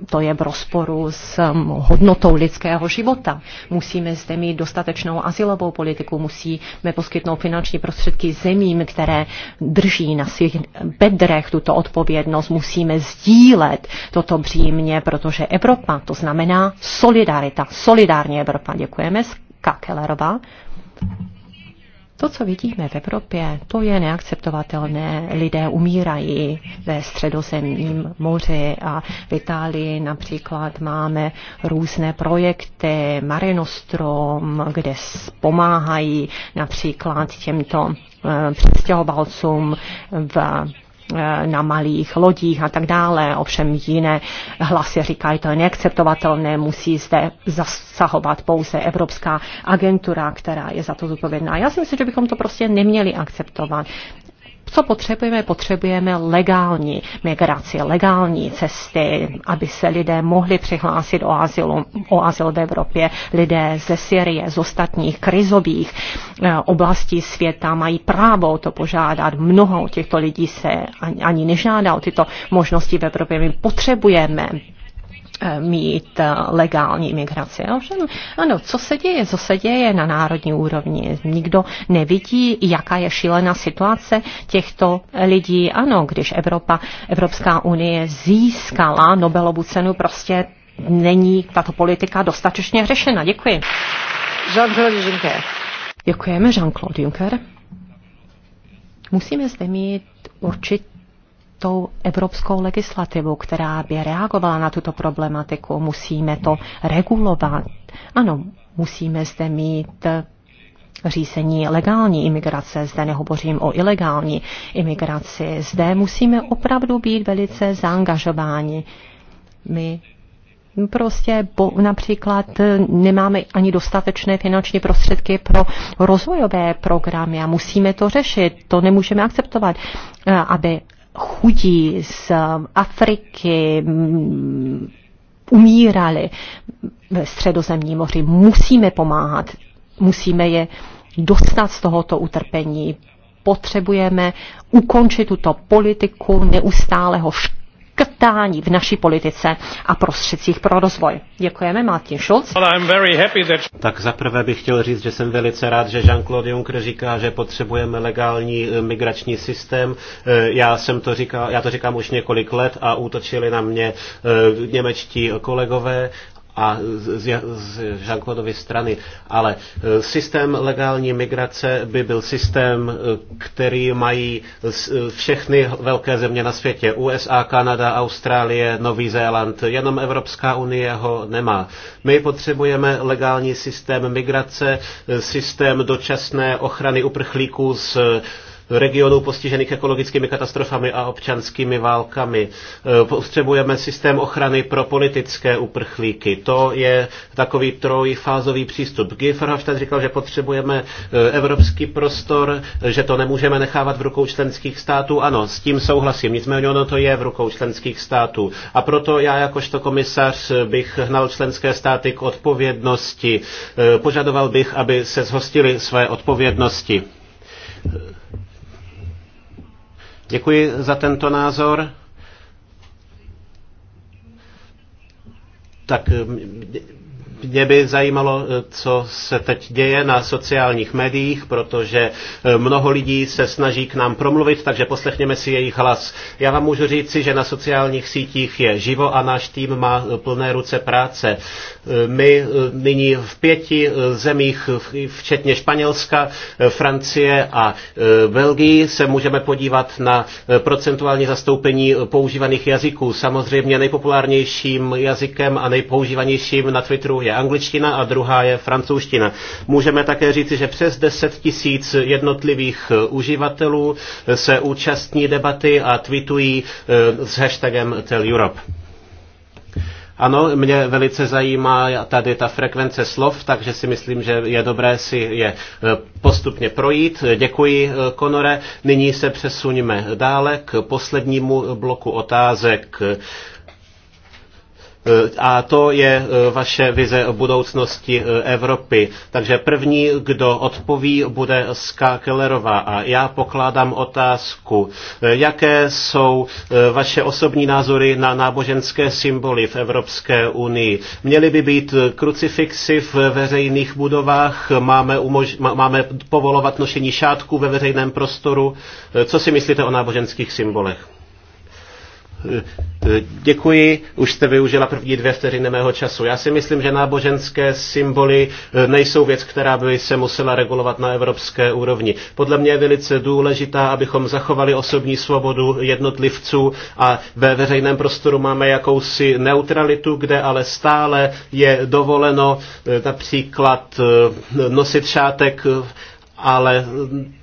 to je v rozporu s hodnotou lidského života. Musíme zde mít dostatečnou asilovou politiku, musíme poskytnout finanční prostředky zemím, které drží na svých bedrech tuto odpovědnost. Musíme sdílet toto břímně, protože Evropa, to znamená solidarita, solidární Evropa. Děkujeme. Kakelerová. To, co vidíme v Evropě, to je neakceptovatelné. Lidé umírají ve středozemním moři a v Itálii například máme různé projekty Marinostrom, kde pomáhají například těmto eh, přestěhovalcům v Eh, na malých lodích a tak dále. Ovšem jiné hlasy říkají, to je neakceptovatelné, musí zde zasahovat pouze Evropská agentura, která je za to zodpovědná. Já si myslím, že bychom to prostě neměli akceptovat co potřebujeme? Potřebujeme legální migraci, legální cesty, aby se lidé mohli přihlásit o azyl, o azyl v Evropě. Lidé ze Syrie, z ostatních krizových eh, oblastí světa mají právo to požádat. Mnoho těchto lidí se ani, ani nežádá o tyto možnosti v Evropě. My potřebujeme Eh, mít eh, legální migraci. Ovšem, ano, co se děje? Co se děje na národní úrovni? Nikdo nevidí, jaká je šílená situace těchto lidí. Ano, když Evropa, Evropská unie získala Nobelovu cenu, prostě není tato politika dostatečně řešena. Děkuji. Jean-Claude Juncker. Děkujeme, Jean-Claude Juncker. Musíme zde mít určitě tou evropskou legislativu, která by reagovala na tuto problematiku. Musíme to regulovat. Ano, musíme zde mít řízení legální imigrace, zde nehovořím o ilegální imigraci. Zde musíme opravdu být velice zaangažováni. My prostě bo, například nemáme ani dostatečné finanční prostředky pro rozvojové programy a musíme to řešit. To nemůžeme akceptovat, aby chudí z Afriky mm, umírali ve středozemním moři. Musíme pomáhat, musíme je dostat z tohoto utrpení. Potřebujeme ukončit tuto politiku neustálého škody vitální v naší politice a prostředcích pro rozvoj. Děkujeme, Martin Schulz. Tak zaprvé bych chtěl říct, že jsem velice rád, že Jean-Claude Juncker říká, že potřebujeme legální eh, migrační systém. Eh, já, jsem to říkal, já to říkám už několik let a útočili na mě eh, němečtí kolegové a z, z jean claudeovy strany, ale eh, systém legální migrace by byl systém, eh, který mají eh, všechny velké země na světě. USA, Kanada, Austrálie, Nový Zéland. Jenom Evropská unie ho nemá. My potřebujeme legální systém migrace, systém dočasné ochrany uprchlíků z regionů postižených ekologickými katastrofami a občanskými válkami. E, potřebujeme systém ochrany pro politické uprchlíky. To je takový trojfázový přístup. Guy Verhofstadt říkal, že potřebujeme e, evropský prostor, že to nemůžeme nechávat v rukou členských států. Ano, s tím souhlasím, nicméně ono to je v rukou členských států. A proto já jakožto komisař bych hnal členské státy k odpovědnosti. E, požadoval bych, aby se zhostili své odpovědnosti. Děkuji za tento názor. Tak mě by zajímalo, eh, co se teď děje na sociálních médiích, protože eh, mnoho lidí se snaží k nám promluvit, takže poslechněme si jejich hlas. Já vám můžu říci, že na sociálních sítích je živo a náš tým má eh, plné ruce práce. My nyní v pěti zemích, včetně Španělska, Francie a Belgii, se můžeme podívat na procentuální zastoupení používaných jazyků. Samozřejmě nejpopulárnějším jazykem a nejpoužívanějším na Twitteru je je angličtina a druhá je francouzština. Můžeme také říci, že přes 10 tisíc jednotlivých eh, uživatelů eh, se účastní debaty a tweetují eh, s hashtagem Tell Europe. Ano, mě velice zajímá tady ta frekvence slov, takže si myslím, že je dobré si je postupně projít. Děkuji, Konore. Nyní se přesuneme dále k poslednímu bloku otázek. Eh, a to je eh, vaše vize o budoucnosti eh, Evropy. Takže první, kdo odpoví, bude Ska Kellerová. A já pokládám otázku, jaké jsou vaše osobní názory na náboženské symboly v Evropské unii. Měly by být krucifixy v veřejných budovách, máme, umož- máme povolovat nošení šátků ve veřejném prostoru. Co si myslíte o náboženských symbolech? Eh, děkuji, už jste využila první dvě vteřiny mého času. Já si myslím, že náboženské symboly eh, nejsou věc, která by se musela regulovat na evropské úrovni. Podle mě je velice důležitá, abychom zachovali osobní svobodu jednotlivců a ve veřejném prostoru máme jakousi neutralitu, kde ale stále je dovoleno eh, například nosit šátek ale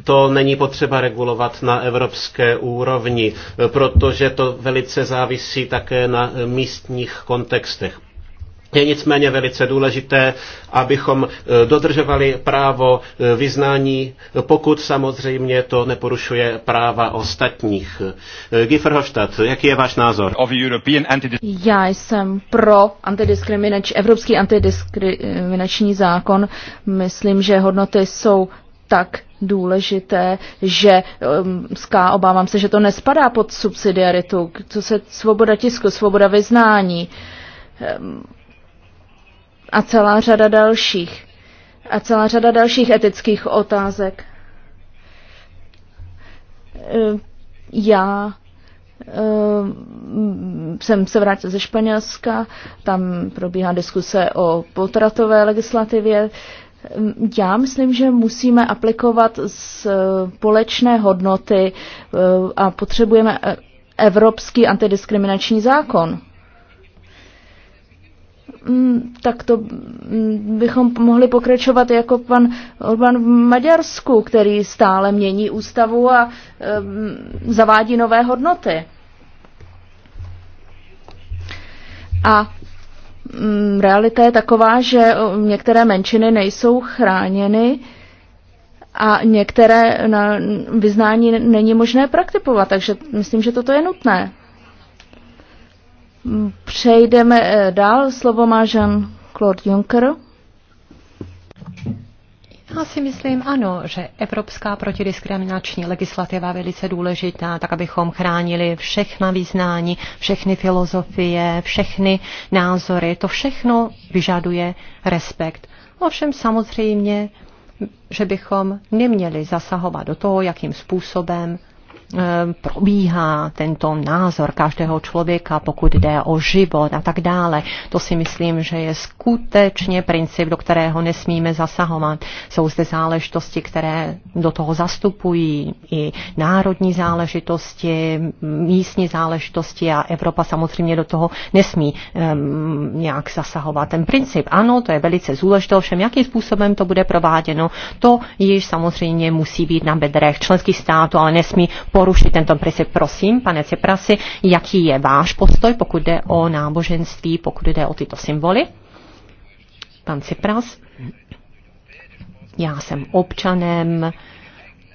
to není potřeba regulovat na evropské úrovni, protože to velice závisí také na místních kontextech. Je nicméně velice důležité, abychom eh, dodržovali právo eh, vyznání, pokud samozřejmě to neporušuje práva ostatních. Eh, Gifferhofstadt, jaký je váš názor? Já jsem pro antidiskriminač, evropský antidiskriminační zákon. Myslím, že hodnoty jsou tak důležité, že um, ská, obávám se, že to nespadá pod subsidiaritu, co se svoboda tisku, svoboda vyznání um, a celá řada dalších a celá řada dalších etických otázek. Um, já jsem se vrátil ze Španělska, tam probíhá diskuse o potratové legislativě, já myslím, že musíme aplikovat eh, společné hodnoty eh, a potřebujeme eh, evropský antidiskriminační zákon. Mm, tak to mm, bychom mohli pokračovat jako pan Orbán v Maďarsku, který stále mění ústavu a zavádí nové hodnoty. A Mm, realita je taková, že eh, některé menšiny nejsou chráněny a některé na vyznání není možné praktikovat, takže myslím, že toto je nutné. Mm, přejdeme eh, dál. Slovo má Jean-Claude Juncker. Já si myslím, ano, že evropská protidiskriminační legislativa je velice důležitá, tak abychom chránili všechna význání, všechny filozofie, všechny názory. To všechno vyžaduje respekt. Ovšem samozřejmě, že bychom neměli zasahovat do toho, jakým způsobem Ehm, probíhá tento názor každého člověka, pokud jde o život a tak dále. To si myslím, že je skutečně princip, do kterého nesmíme zasahovat. Jsou zde záležitosti, které do toho zastupují i národní záležitosti, místní záležitosti a Evropa samozřejmě do toho nesmí um, nějak zasahovat. Ten princip, ano, to je velice důležité, ovšem jakým způsobem to bude prováděno, to již samozřejmě musí být na bedrech členských států, ale nesmí porušit tento princip. Prosím, pane Ciprasi, jaký je váš postoj, pokud jde o náboženství, pokud jde o tyto symboly? Pan Cipras, já jsem občanem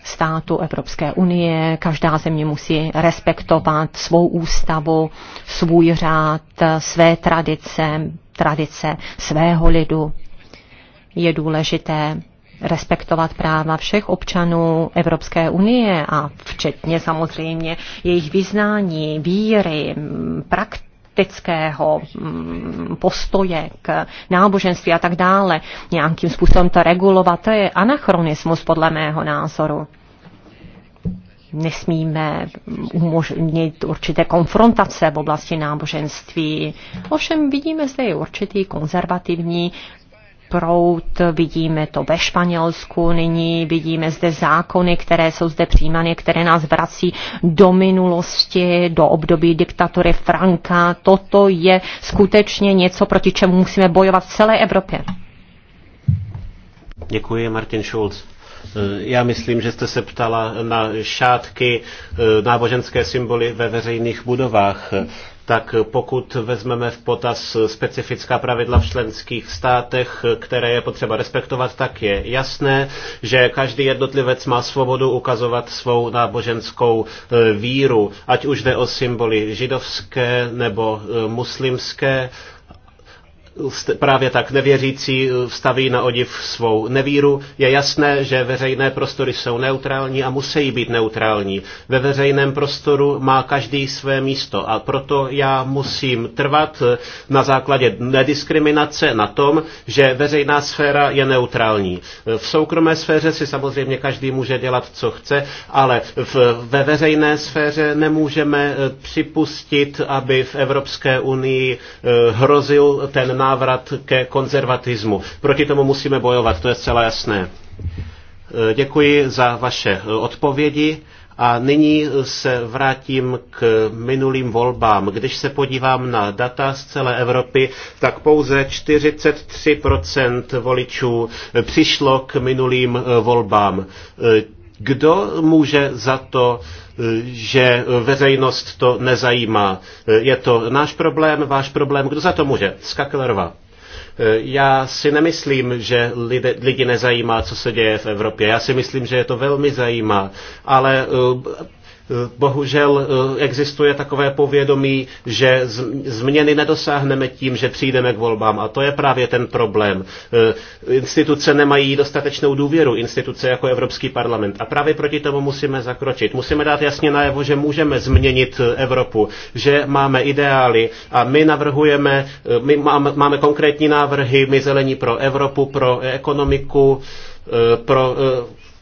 státu Evropské unie, každá země musí respektovat svou ústavu, svůj řád, své tradice, tradice svého lidu. Je důležité respektovat práva všech občanů Evropské unie a včetně samozřejmě jejich vyznání, víry, praktiky praktického mm, postoje k náboženství a tak dále, nějakým způsobem to regulovat, to je anachronismus podle mého názoru. Nesmíme umožnit určité konfrontace v oblasti náboženství. Ovšem vidíme zde i určitý konzervativní proud, vidíme to ve Španělsku nyní, vidíme zde zákony, které jsou zde přijímané, které nás vrací do minulosti, do období diktatury Franka. Toto je skutečně něco, proti čemu musíme bojovat v celé Evropě. Děkuji, Martin Schulz. Já myslím, že jste se ptala na šátky eh, náboženské symboly ve veřejných budovách tak pokud vezmeme v potaz specifická pravidla v členských státech, které je potřeba respektovat, tak je jasné, že každý jednotlivec má svobodu ukazovat svou náboženskou e, víru, ať už jde o symboly židovské nebo e, muslimské, právě tak nevěřící eh, staví na odiv svou nevíru. Je jasné, že veřejné prostory jsou neutrální a musí být neutrální. Ve veřejném prostoru má každý své místo a proto já musím trvat eh, na základě nediskriminace na tom, že veřejná sféra je neutrální. Eh, v soukromé sféře si samozřejmě každý může dělat, co chce, ale v, ve veřejné sféře nemůžeme připustit, aby v Evropské unii hrozil ten návrat ke konzervatismu. Proti tomu musíme bojovat, to je zcela jasné. E, děkuji za vaše e, odpovědi. A nyní se vrátím k minulým volbám. Když se podívám na data z celé Evropy, tak pouze 43% voličů e, přišlo k minulým volbám. Kdo může za to, že veřejnost to nezajímá? Je to náš problém, váš problém? Kdo za to může? Skaklerova. Já si nemyslím, že lidi, lidi nezajímá, co se děje v Evropě. Já si myslím, že je to velmi zajímá. Ale Bohužel eh, existuje takové povědomí, že změny nedosáhneme tím, že přijdeme k volbám. A to je právě ten problém. Eh, instituce nemají dostatečnou důvěru, instituce jako Evropský parlament. A právě proti tomu musíme zakročit. Musíme dát jasně najevo, že můžeme změnit eh, Evropu, že máme ideály a my navrhujeme, my máme konkrétní návrhy, my zelení pro Evropu, pro ekonomiku, pro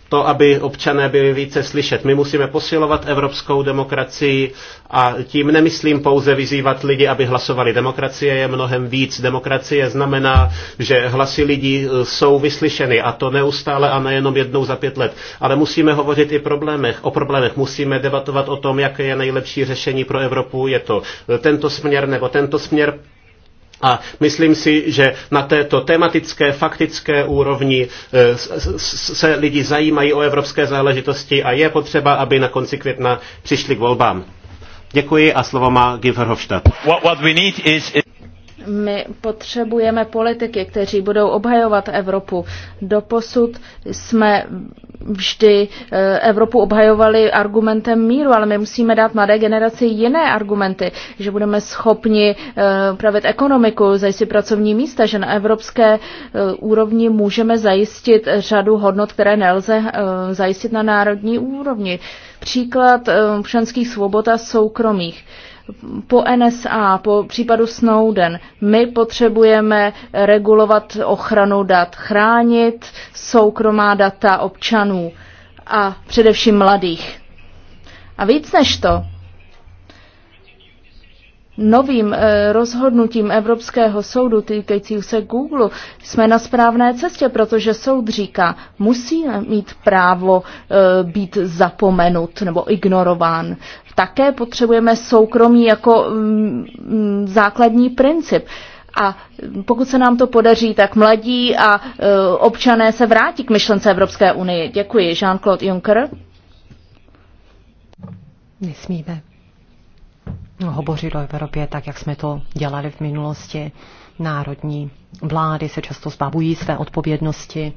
to, aby občané byli více slyšet. My musíme posilovat evropskou demokracii a tím nemyslím pouze vyzývat lidi, aby hlasovali. Demokracie je mnohem víc. Demokracie znamená, že hlasy lidí e, jsou vyslyšeny a to neustále a nejenom jednou za pět let. Ale musíme hovořit i problémech, o problémech. Musíme debatovat o tom, jaké je nejlepší řešení pro Evropu. Je to e, tento směr nebo tento směr a myslím si, že na této tematické, faktické úrovni e, se lidi zajímají o evropské záležitosti a je potřeba, aby na konci května přišli k volbám. Děkuji a slovo má Giverhofstadt. What, what we need is... My potřebujeme politiky, kteří budou obhajovat Evropu. Doposud jsme vždy eh, Evropu obhajovali argumentem míru, ale my musíme dát mladé generaci jiné argumenty, že budeme schopni eh, upravit ekonomiku, zajistit pracovní místa, že na evropské eh, úrovni můžeme zajistit řadu hodnot, které nelze zajistit na národní úrovni. Příklad občanských svobod a soukromých po NSA, po případu Snowden, my potřebujeme regulovat ochranu dat, chránit soukromá data občanů a především mladých. A víc než to, novým eh, rozhodnutím Evropského soudu týkajícím se Google jsme na správné cestě, protože soud říká, musí mít právo eh, být zapomenut nebo ignorován. Také potřebujeme soukromí jako mm, mm, základní princip. A pokud se nám to podaří, tak mladí a eh, občané se vrátí k myšlence Evropské unie. Děkuji. Jean-Claude Juncker. Nesmíme hovořit o Evropě tak, jak jsme to dělali v minulosti. Národní vlády se často zbavují své odpovědnosti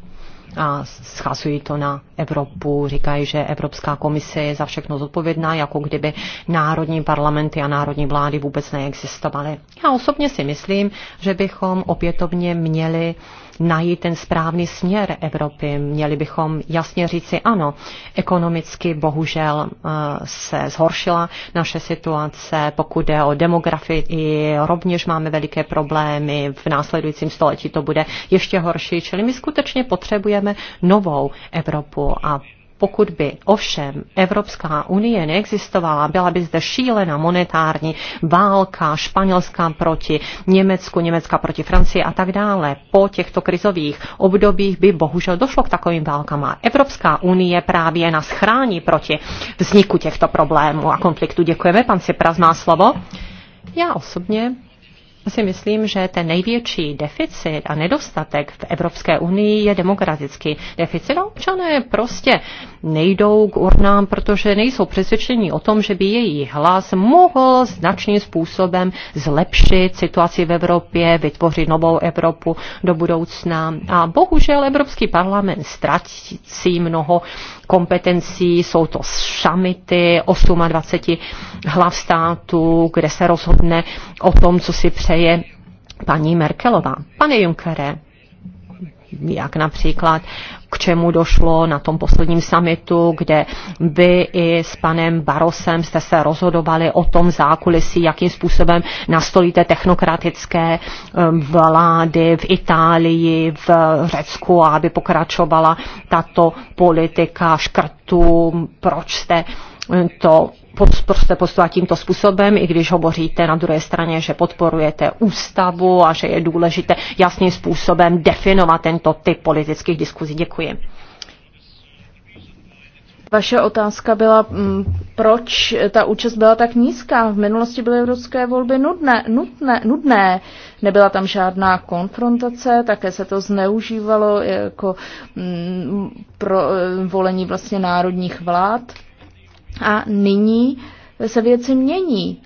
a schazují to na Evropu, říkají, že Evropská komise je za všechno zodpovědná, jako kdyby národní parlamenty a národní vlády vůbec neexistovaly. Já osobně si myslím, že bychom opětovně měli najít ten správný směr Evropy. Měli bychom jasně říci ano, ekonomicky bohužel eh, se zhoršila naše situace, pokud jde o demografii, rovněž máme veliké problémy, v následujícím století to bude ještě horší, čili my skutečně potřebujeme potřebujeme novou Evropu a pokud by ovšem Evropská unie neexistovala, byla by zde šílená monetární válka španělská proti Německu, Německa proti Francii a tak dále. Po těchto krizových obdobích by bohužel došlo k takovým válkám Evropská unie právě nás chrání proti vzniku těchto problémů a konfliktů. Děkujeme, pan Cipras má slovo. Já osobně si myslím, že ten největší deficit a nedostatek v Evropské unii je demokratický deficit. A občané prostě nejdou k urnám, protože nejsou přesvědčení o tom, že by jejich hlas mohl značným způsobem zlepšit situaci v Evropě, vytvořit novou Evropu do budoucna. A bohužel Evropský parlament ztratí mnoho kompetencí, jsou to šamity 28 hlav států, kde se rozhodne o tom, co si přeje paní Merkelová. Pane Junckere, jak například k čemu došlo na tom posledním samitu, kde vy i s panem Barosem jste se rozhodovali o tom zákulisí, jakým způsobem nastolíte technokratické um, vlády v Itálii, v Řecku, aby pokračovala tato politika škrtů, proč jste um, to prostě postovat tímto způsobem, i když hovoříte na druhé straně, že podporujete ústavu a že je důležité jasným způsobem definovat tento typ politických diskuzí. Děkuji. Vaše otázka byla, mm, proč ta účast byla tak nízká. V minulosti byly evropské volby nudné, nudné, nudné. Nebyla tam žádná konfrontace, také se to zneužívalo jako mm, pro eh, volení vlastně národních vlád. A nyní se věci mění.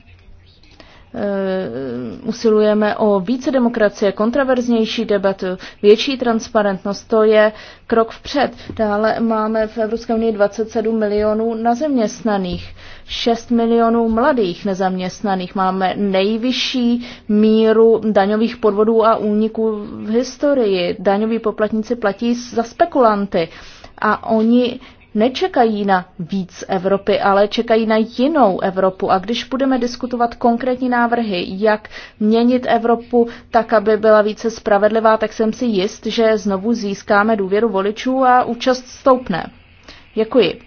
E, usilujeme o více demokracie, kontraverznější debatu, větší transparentnost. To je krok vpřed. Dále máme v Evropské unii 27 milionů nezaměstnaných, 6 milionů mladých nezaměstnaných. Máme nejvyšší míru daňových podvodů a úniků v historii. Daňoví poplatníci platí za spekulanty a oni nečekají na víc Evropy, ale čekají na jinou Evropu. A když budeme diskutovat konkrétní návrhy, jak měnit Evropu tak, aby byla více spravedlivá, tak jsem si jist, že znovu získáme důvěru voličů a účast stoupne. Děkuji.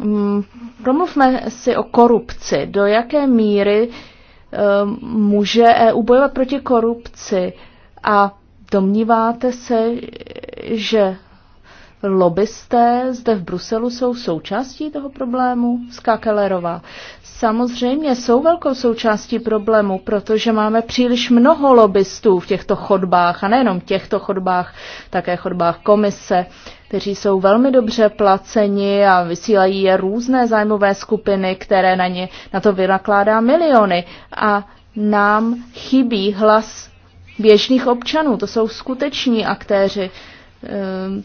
Mm, promluvme si o korupci. Do jaké míry eh, může EU bojovat proti korupci? A Domníváte se, že lobbysté zde v Bruselu jsou součástí toho problému? Skákelerová. Samozřejmě jsou velkou součástí problému, protože máme příliš mnoho lobbystů v těchto chodbách, a nejenom těchto chodbách, také chodbách komise, kteří jsou velmi dobře placeni a vysílají je různé zájmové skupiny, které na, ně, na to vynakládá miliony. A nám chybí hlas běžných občanů. To jsou skuteční aktéři, ehm,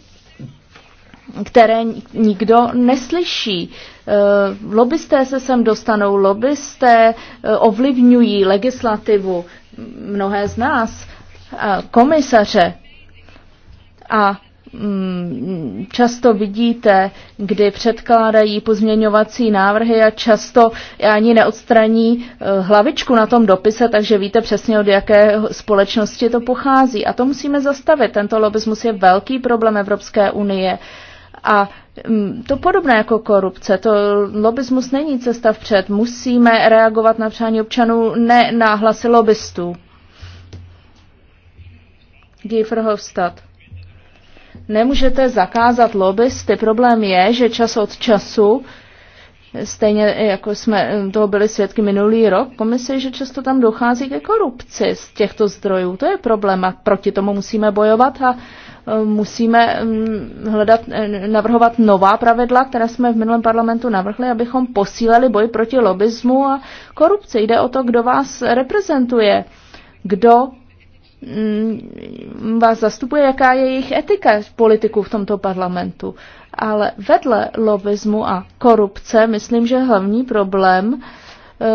které nikdo neslyší. Ehm, lobbysté se sem dostanou, lobbysté e, ovlivňují legislativu mnohé z nás, komisaře. A Mm, často vidíte, kdy předkládají pozměňovací návrhy a často ani neodstraní eh, hlavičku na tom dopise, takže víte přesně, od jaké společnosti to pochází. A to musíme zastavit. Tento lobismus je velký problém Evropské unie. A mm, to podobné jako korupce, to lobismus není cesta vpřed. Musíme reagovat na přání občanů, ne na hlasy lobbystů. Guy Nemůžete zakázat lobbysty. Problém je, že čas od času, stejně jako jsme toho byli svědky minulý rok, komise, že často tam dochází ke korupci z těchto zdrojů. To je problém a proti tomu musíme bojovat a e, musíme mm, hledat, e, navrhovat nová pravidla, která jsme v minulém parlamentu navrhli, abychom posílili boj proti lobismu a korupci. Jde o to, kdo vás reprezentuje, kdo Mm, vás zastupuje, jaká je jejich etika politiků v tomto parlamentu. Ale vedle lobismu a korupce, myslím, že hlavní problém eh,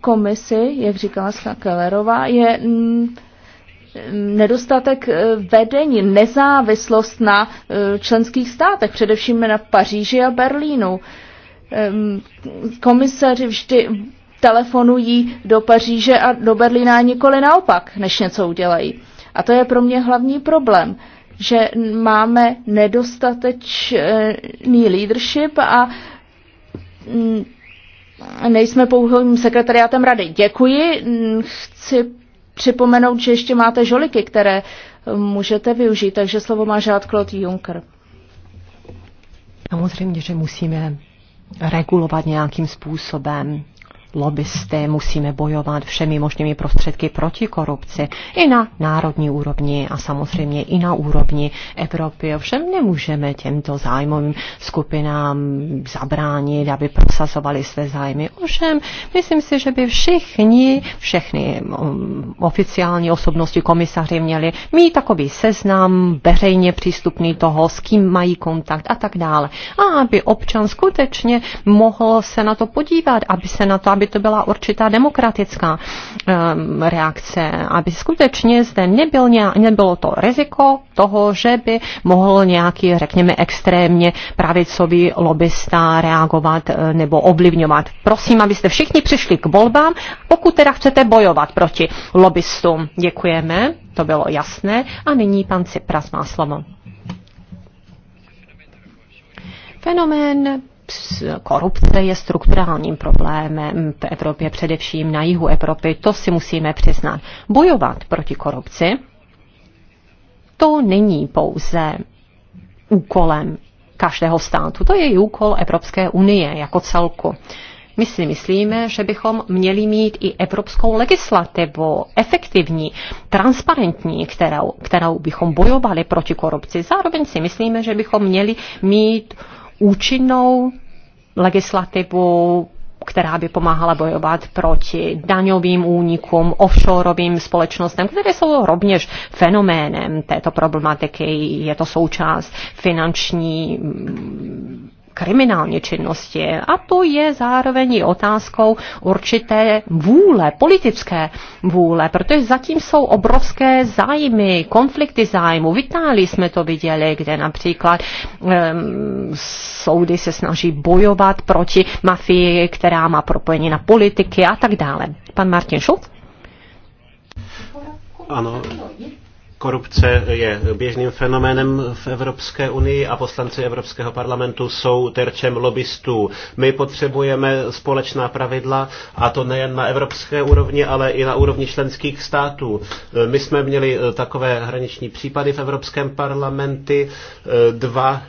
komisi, jak říkala Kellerová, je mm, nedostatek eh, vedení, nezávislost na eh, členských státech, především na Paříži a Berlínu. Ehm, komisaři vždy telefonují do Paříže a do Berlína nikoli naopak, než něco udělají. A to je pro mě hlavní problém, že máme nedostatečný leadership a mm, nejsme pouhým sekretariátem rady. Děkuji, mm, chci připomenout, že ještě máte žoliky, které mm, můžete využít, takže slovo má žád claude Juncker. Samozřejmě, že musíme regulovat nějakým způsobem lobbysty, musíme bojovat všemi možnými prostředky proti korupci i na národní úrovni a samozřejmě i na úrovni Evropy. Ovšem nemůžeme těmto zájmovým skupinám zabránit, aby prosazovali své zájmy. Ovšem, myslím si, že by všichni, všechny um, oficiální osobnosti komisaři měli mít takový seznam veřejně přístupný toho, s kým mají kontakt a tak dále. A aby občan skutečně mohl se na to podívat, aby se na to, aby aby to byla určitá demokratická um, reakce, aby skutečně zde nebyl nějak, nebylo to riziko toho, že by mohl nějaký, řekněme, extrémně pravicový lobista reagovat eh, nebo ovlivňovat. Prosím, abyste všichni přišli k volbám, pokud teda chcete bojovat proti lobbystům. Děkujeme, to bylo jasné. A nyní pan Cipras má slovo. Fenomén korupce je strukturálním problémem v Evropě, především na jihu Evropy, to si musíme přiznat. Bojovat proti korupci, to není pouze úkolem každého státu, to je i úkol Evropské unie jako celku. My si myslíme, že bychom měli mít i evropskou legislativu, efektivní, transparentní, kterou, kterou bychom bojovali proti korupci. Zároveň si myslíme, že bychom měli mít účinnou legislativu, která by pomáhala bojovat proti daňovým únikům, offshoreovým společnostem, které jsou rovněž fenoménem této problematiky. Je to součást finanční mm, kriminální činnosti. A to je zároveň i otázkou určité vůle, politické vůle, protože zatím jsou obrovské zájmy, konflikty zájmu. V Itálii jsme to viděli, kde například um, soudy se snaží bojovat proti mafii, která má propojení na politiky a tak dále. Pan Martin Schulz? Ano, Korupce je běžným fenoménem v Evropské unii a poslanci Evropského parlamentu jsou terčem lobbystů. My potřebujeme společná pravidla a to nejen na evropské úrovni, ale i na úrovni členských států. My jsme měli takové hraniční případy v Evropském parlamenty. Dva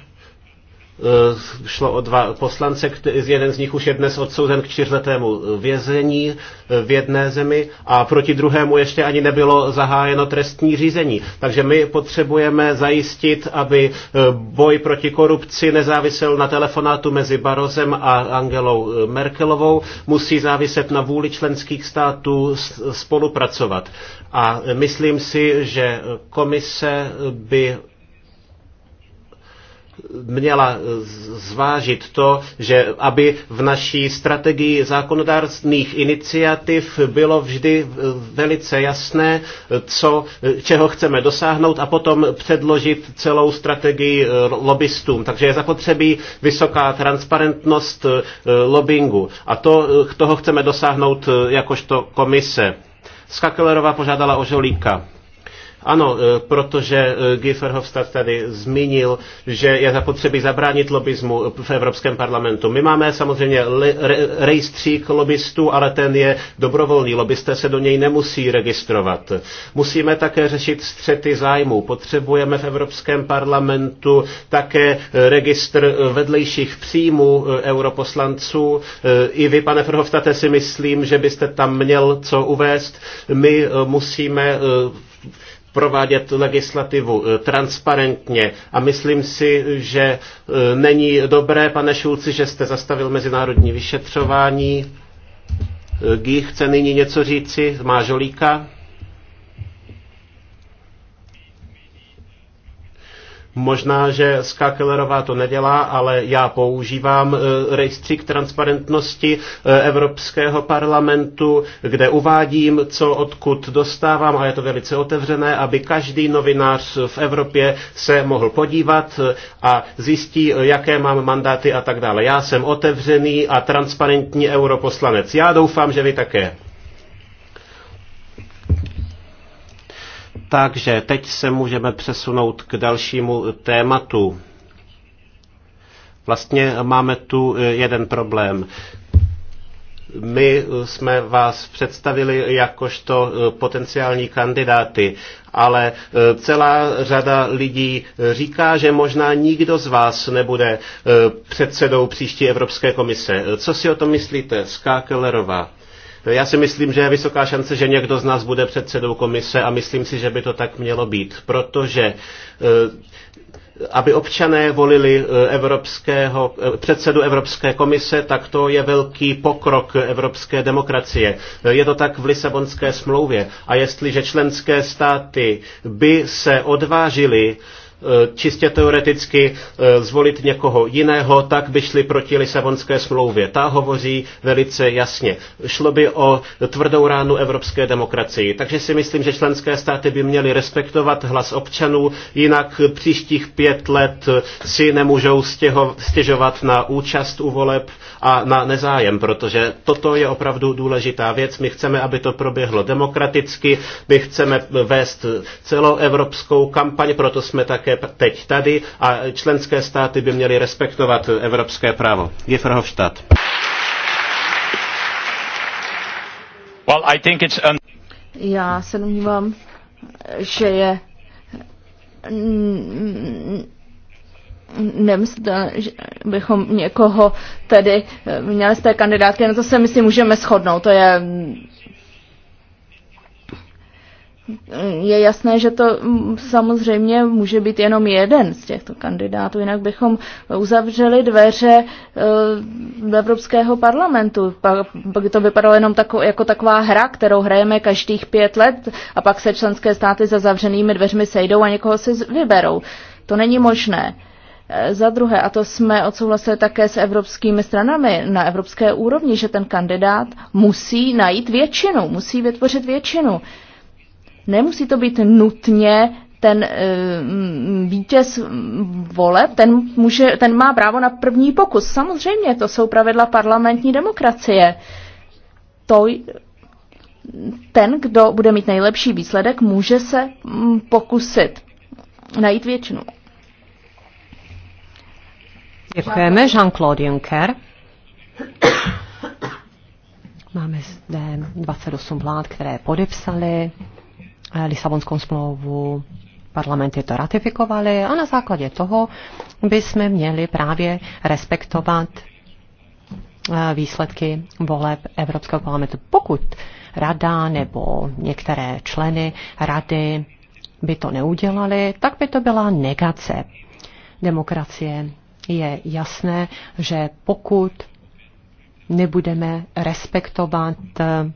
Eh, šlo o dva poslance, jeden z nich už je dnes odsouzen k čtyřletému eh, vězení eh, v jedné zemi a proti druhému ještě ani nebylo zahájeno trestní řízení. Takže my potřebujeme zajistit, aby boj proti korupci nezávisel na telefonátu mezi Barozem a Angelou Merkelovou. Musí záviset na vůli členských států spolupracovat. A myslím si, že komise by měla zvážit to, že aby v naší strategii zákonodárných iniciativ bylo vždy eh, velice jasné, co, čeho chceme dosáhnout a potom předložit celou strategii eh, lobbystům. Takže je zapotřebí vysoká transparentnost eh, lobbingu a to, toho chceme dosáhnout jakožto komise. Skakelerová požádala o žolíka. Ano, e, protože e, Guy Verhofstadt tady zmínil, že je zapotřebí zabránit lobismu v Evropském parlamentu. My máme samozřejmě rejstřík lobbystů, ale ten je dobrovolný. Lobbysté se do něj nemusí registrovat. Musíme také řešit střety zájmů. Potřebujeme v Evropském parlamentu také registr vedlejších příjmů e, europoslanců. I vy, pane Verhofstadte, si myslím, že byste tam měl co uvést. My musíme provádět legislativu eh, transparentně. A myslím si, že eh, není dobré, pane Šulci, že jste zastavil mezinárodní vyšetřování. Eh, Gý chce nyní něco říci, má žolíka. Možná, že Skakelerová to nedělá, ale já používám eh, rejstřík transparentnosti eh, Evropského parlamentu, kde uvádím, co odkud dostávám a je to velice otevřené, aby každý novinář v Evropě se mohl podívat eh, a zjistí, jaké mám mandáty a tak dále. Já jsem otevřený a transparentní europoslanec. Já doufám, že vy také. Takže teď se můžeme přesunout k dalšímu tématu. Vlastně máme tu eh, jeden problém. My jsme vás představili jakožto eh, potenciální kandidáty, ale eh, celá řada lidí říká, že možná nikdo z vás nebude předsedou příští Evropské komise. Co si o tom myslíte, Ská Kellerová? Já si myslím, že je vysoká šance, že někdo z nás bude předsedou komise a myslím si, že by to tak mělo být, protože eh, aby občané volili eh, evropského, eh, předsedu Evropské komise, tak to je velký pokrok evropské demokracie. Je to tak v Lisabonské smlouvě. A jestliže členské státy by se odvážily Eh, čistě teoreticky eh, zvolit někoho jiného, tak by šli proti Lisabonské smlouvě. Ta hovoří velice jasně. Šlo by o tvrdou ránu evropské demokracii. Takže si myslím, že členské státy by měly respektovat hlas občanů, jinak příštích pět let si nemůžou stěho, stěžovat na účast u voleb a na nezájem, protože toto je opravdu důležitá věc. My chceme, aby to proběhlo demokraticky, my chceme vést celoevropskou kampaň, proto jsme také také teď tady a členské státy by měly respektovat evropské právo. Gifferhofstadt. Well, I think it's un- Já se domnívám, že je nemyslím, že bychom někoho tedy měli z té kandidátky, na to se myslím můžeme shodnout, to je je jasné, že to mm, samozřejmě může být jenom jeden z těchto kandidátů, jinak bychom uzavřeli dveře e, do Evropského parlamentu. Pak by to vypadalo jenom tako, jako taková hra, kterou hrajeme každých pět let a pak se členské státy za zavřenými dveřmi sejdou a někoho si vyberou. To není možné. E, za druhé, a to jsme odsouhlasili také s evropskými stranami na evropské úrovni, že ten kandidát musí najít většinu, musí vytvořit většinu. Nemusí to být nutně ten eh, vítěz voleb, ten, může, ten má právo na první pokus. Samozřejmě, to jsou pravidla parlamentní demokracie. To, ten, kdo bude mít nejlepší výsledek, může se pokusit najít většinu. Děkujeme, Jean-Claude Juncker. Máme zde 28 vlád, které podepsali Lisabonskou smlouvu, parlamenty to ratifikovaly a na základě toho jsme měli právě respektovat eh, výsledky voleb Evropského parlamentu. Pokud rada nebo některé členy rady by to neudělali, tak by to byla negace demokracie. Je jasné, že pokud nebudeme respektovat eh,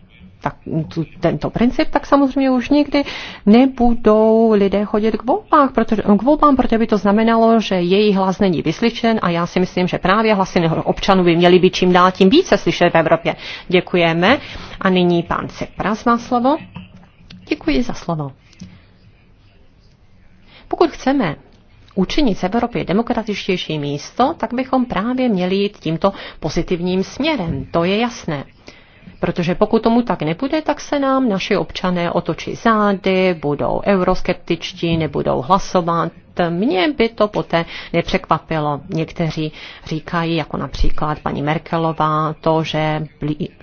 tak, tu, tento princip, tak samozřejmě už nikdy nebudou lidé chodit k volbám, protože, k volbám, protože by to znamenalo, že jejich hlas není vyslyšen a já si myslím, že právě hlasy občanů by měly být čím dál tím více slyšet v Evropě. Děkujeme. A nyní pán Cipras má slovo. Děkuji za slovo. Pokud chceme učinit z Evropy demokratičtější místo, tak bychom právě měli jít tímto pozitivním směrem. To je jasné. Protože pokud tomu tak nebude, tak se nám naši občané otočí zády, budou euroskeptičtí, nebudou hlasovat. Mě by to poté nepřekvapilo. Někteří říkají, jako například paní Merkelová, to, že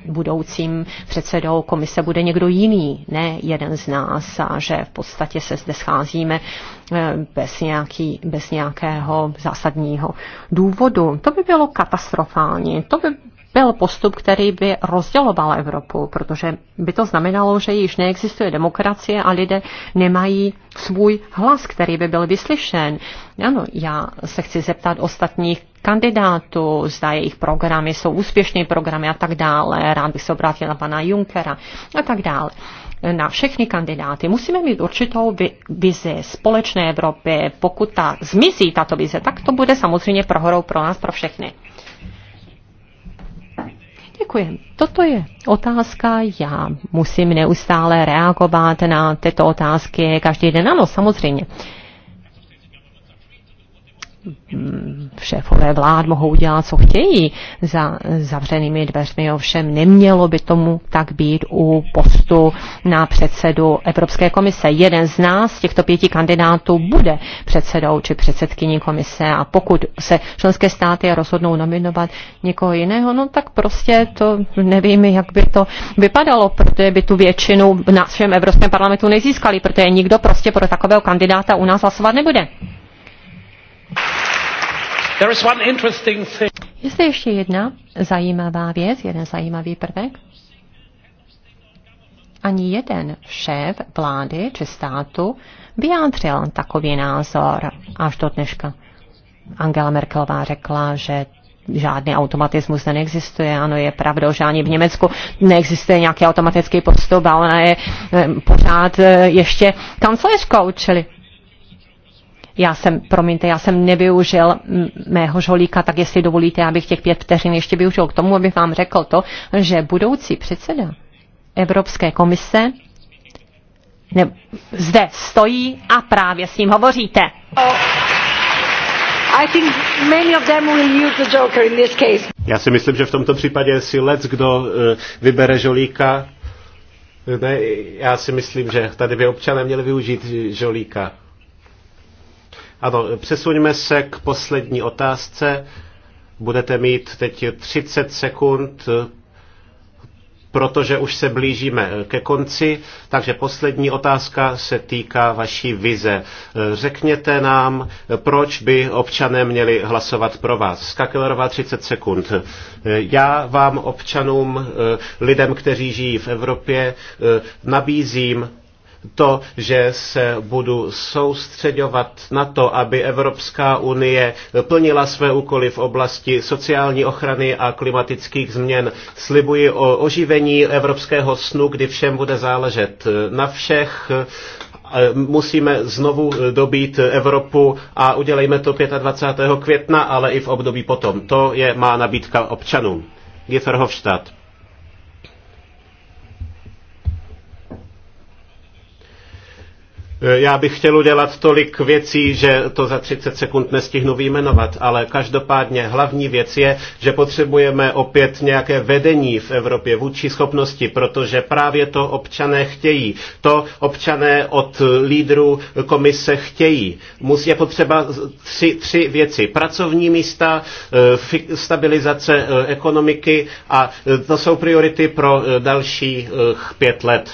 budoucím předsedou komise bude někdo jiný, ne jeden z nás, a že v podstatě se zde scházíme eh, bez, nějaký, bez nějakého zásadního důvodu. To by bylo katastrofální. To by byl postup, který by rozděloval Evropu, protože by to znamenalo, že již neexistuje demokracie a lidé nemají svůj hlas, který by byl vyslyšen. Ano, já se chci zeptat ostatních kandidátů, zda jejich programy jsou úspěšné programy a tak dále. Rád bych se obrátil na pana Junkera a tak dále na všechny kandidáty. Musíme mít určitou vizi společné Evropy. Pokud ta zmizí tato vize, tak to bude samozřejmě prohorou pro nás, pro všechny. Děkuji. Toto je otázka. Já musím neustále reagovat na tyto otázky každý den. Ano, samozřejmě šéfové vlád mohou dělat, co chtějí za zavřenými dveřmi. Ovšem nemělo by tomu tak být u postu na předsedu Evropské komise. Jeden z nás, těchto pěti kandidátů, bude předsedou či předsedkyní komise a pokud se členské státy rozhodnou nominovat někoho jiného, no tak prostě to nevím, jak by to vypadalo, protože by tu většinu v našem Evropském parlamentu nezískali, protože nikdo prostě pro takového kandidáta u nás hlasovat nebude. Je zde ještě jedna zajímavá věc, jeden zajímavý prvek. Ani jeden šéf vlády či státu vyjádřil takový názor až do dneška. Angela Merkelová řekla, že žádný automatismus neexistuje. Ano, je pravdou, že ani v Německu neexistuje nějaký automatický postup ale ona je eh, pořád eh, ještě kancelářkou, čili já jsem, promiňte, já jsem nevyužil mého žolíka, tak jestli dovolíte, já bych těch pět vteřin ještě využil k tomu, abych vám řekl to, že budoucí předseda Evropské komise ne, zde stojí a právě s ním hovoříte. Oh, já si myslím, že v tomto případě si lec, kdo eh, vybere žolíka, ne, já si myslím, že tady by občané měli využít žolíka. Ano, přesuňme se k poslední otázce. Budete mít teď 30 sekund, protože už se blížíme ke konci. Takže poslední otázka se týká vaší vize. Řekněte nám, proč by občané měli hlasovat pro vás. Skakelerová 30 sekund. Já vám občanům, lidem, kteří žijí v Evropě, nabízím to, že se budu soustředovat na to, aby Evropská unie plnila své úkoly v oblasti sociální ochrany a klimatických změn. Slibuji o oživení evropského snu, kdy všem bude záležet na všech musíme znovu dobít Evropu a udělejme to 25. května, ale i v období potom. To je má nabídka občanům. Gifferhofstadt. Eh, já bych chtěl udělat tolik věcí, že to za 30 sekund nestihnu vyjmenovat, ale každopádně hlavní věc je, že potřebujeme opět nějaké vedení v Evropě vůči schopnosti, protože právě to občané chtějí. To občané od lídrů komise chtějí. Musí je potřeba tři, tři věci. Pracovní místa, eh, stabilizace eh, ekonomiky a to jsou priority pro dalších pět let.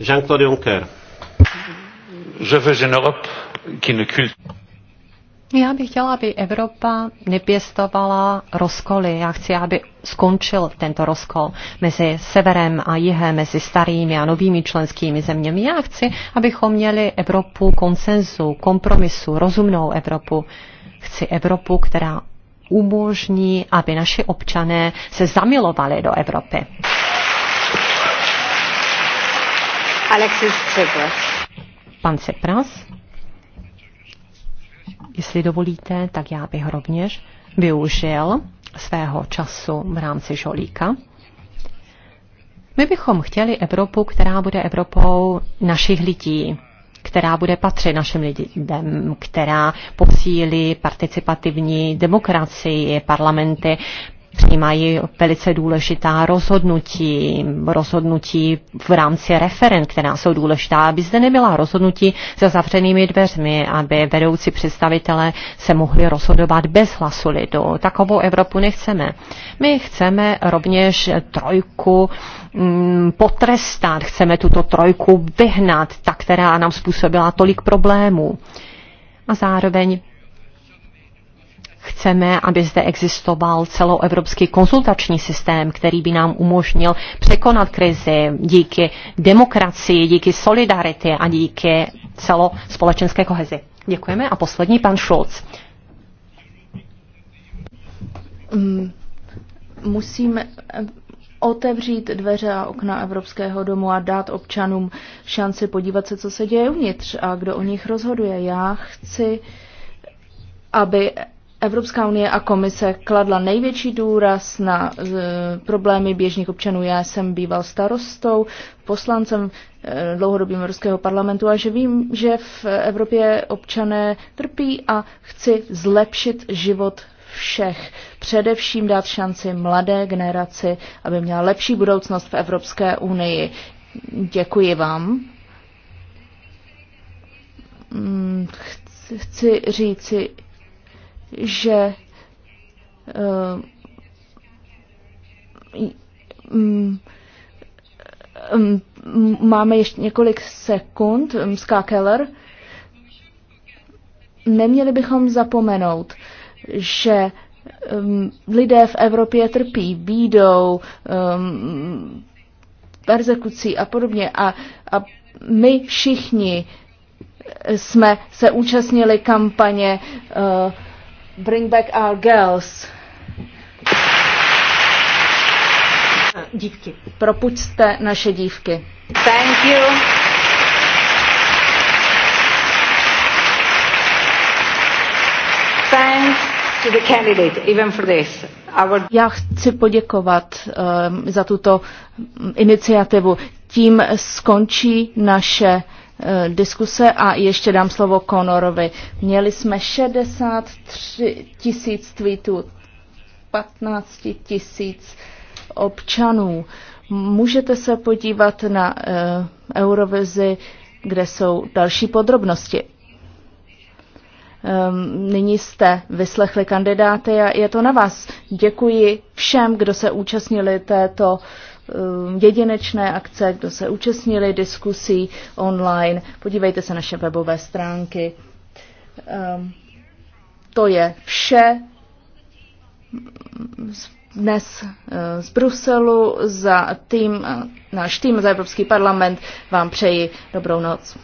Jean-Claude Juncker. Je veux une Europe qui ne Já bych chtěla, aby Evropa nepěstovala rozkoly. Já chci, aby skončil tento rozkol mezi severem a jihem, mezi starými a novými členskými zeměmi. Já chci, abychom měli Evropu konsenzu, kompromisu, rozumnou Evropu. Chci Evropu, která umožní, aby naši občané se zamilovali do Evropy. Alexis Tsipras pan Sepras. Jestli dovolíte, tak já bych rovněž využil svého času v rámci žolíka. My bychom chtěli Evropu, která bude Evropou našich lidí, která bude patřit našim lidem, která posílí participativní demokracii, parlamenty, přijímají velice důležitá rozhodnutí, rozhodnutí v rámci referent, která jsou důležitá, aby zde nebyla rozhodnutí za zavřenými dveřmi, aby vedoucí představitelé se mohli rozhodovat bez hlasu lidu. Takovou Evropu nechceme. My chceme rovněž trojku mm, potrestat, chceme tuto trojku vyhnat, ta, která nám způsobila tolik problémů. A zároveň chceme, aby zde existoval celoevropský konzultační systém, který by nám umožnil překonat krizi díky demokracii, díky solidaritě a díky celospolečenské kohezi. Děkujeme. A poslední, pan Schulz. Mm, Musím eh, otevřít dveře a okna Evropského domu a dát občanům šanci podívat se, co se děje uvnitř a kdo o nich rozhoduje. Já chci, aby Evropská unie a komise kladla největší důraz na e, problémy běžných občanů. Já jsem býval starostou, poslancem e, dlouhodobým Evropského parlamentu a že vím, že v Evropě občané trpí a chci zlepšit život všech. Především dát šanci mladé generaci, aby měla lepší budoucnost v Evropské unii. Děkuji vám. Mm, chci říci, že eh, mm, mm, mm, máme ještě několik sekund, Ska Keller, neměli bychom zapomenout, že lidé v Evropě trpí bídou, persekucí a podobně. A, a my všichni jsme se účastnili kampaně uh, Bring back our girls. Dívky. Propuďte naše dívky. Thank you. Thanks to the candidate, even for this. Our... Já chci poděkovat um, za tuto iniciativu. Tím skončí naše Eh, diskuse a ještě dám slovo Conorovi. Měli jsme 63 tisíc tweetů, 15 tisíc občanů. Můžete se podívat na uh, Eurovizi, kde jsou další podrobnosti. Um, nyní jste vyslechli kandidáty a je to na vás. Děkuji všem, kdo se účastnili této uh, Um, jedinečné akce, kdo se účastnili diskusí online. Podívejte se na naše webové stránky. Um, to je vše dnes uh, z Bruselu za tým, uh, náš tým za Evropský parlament. Vám přeji dobrou noc.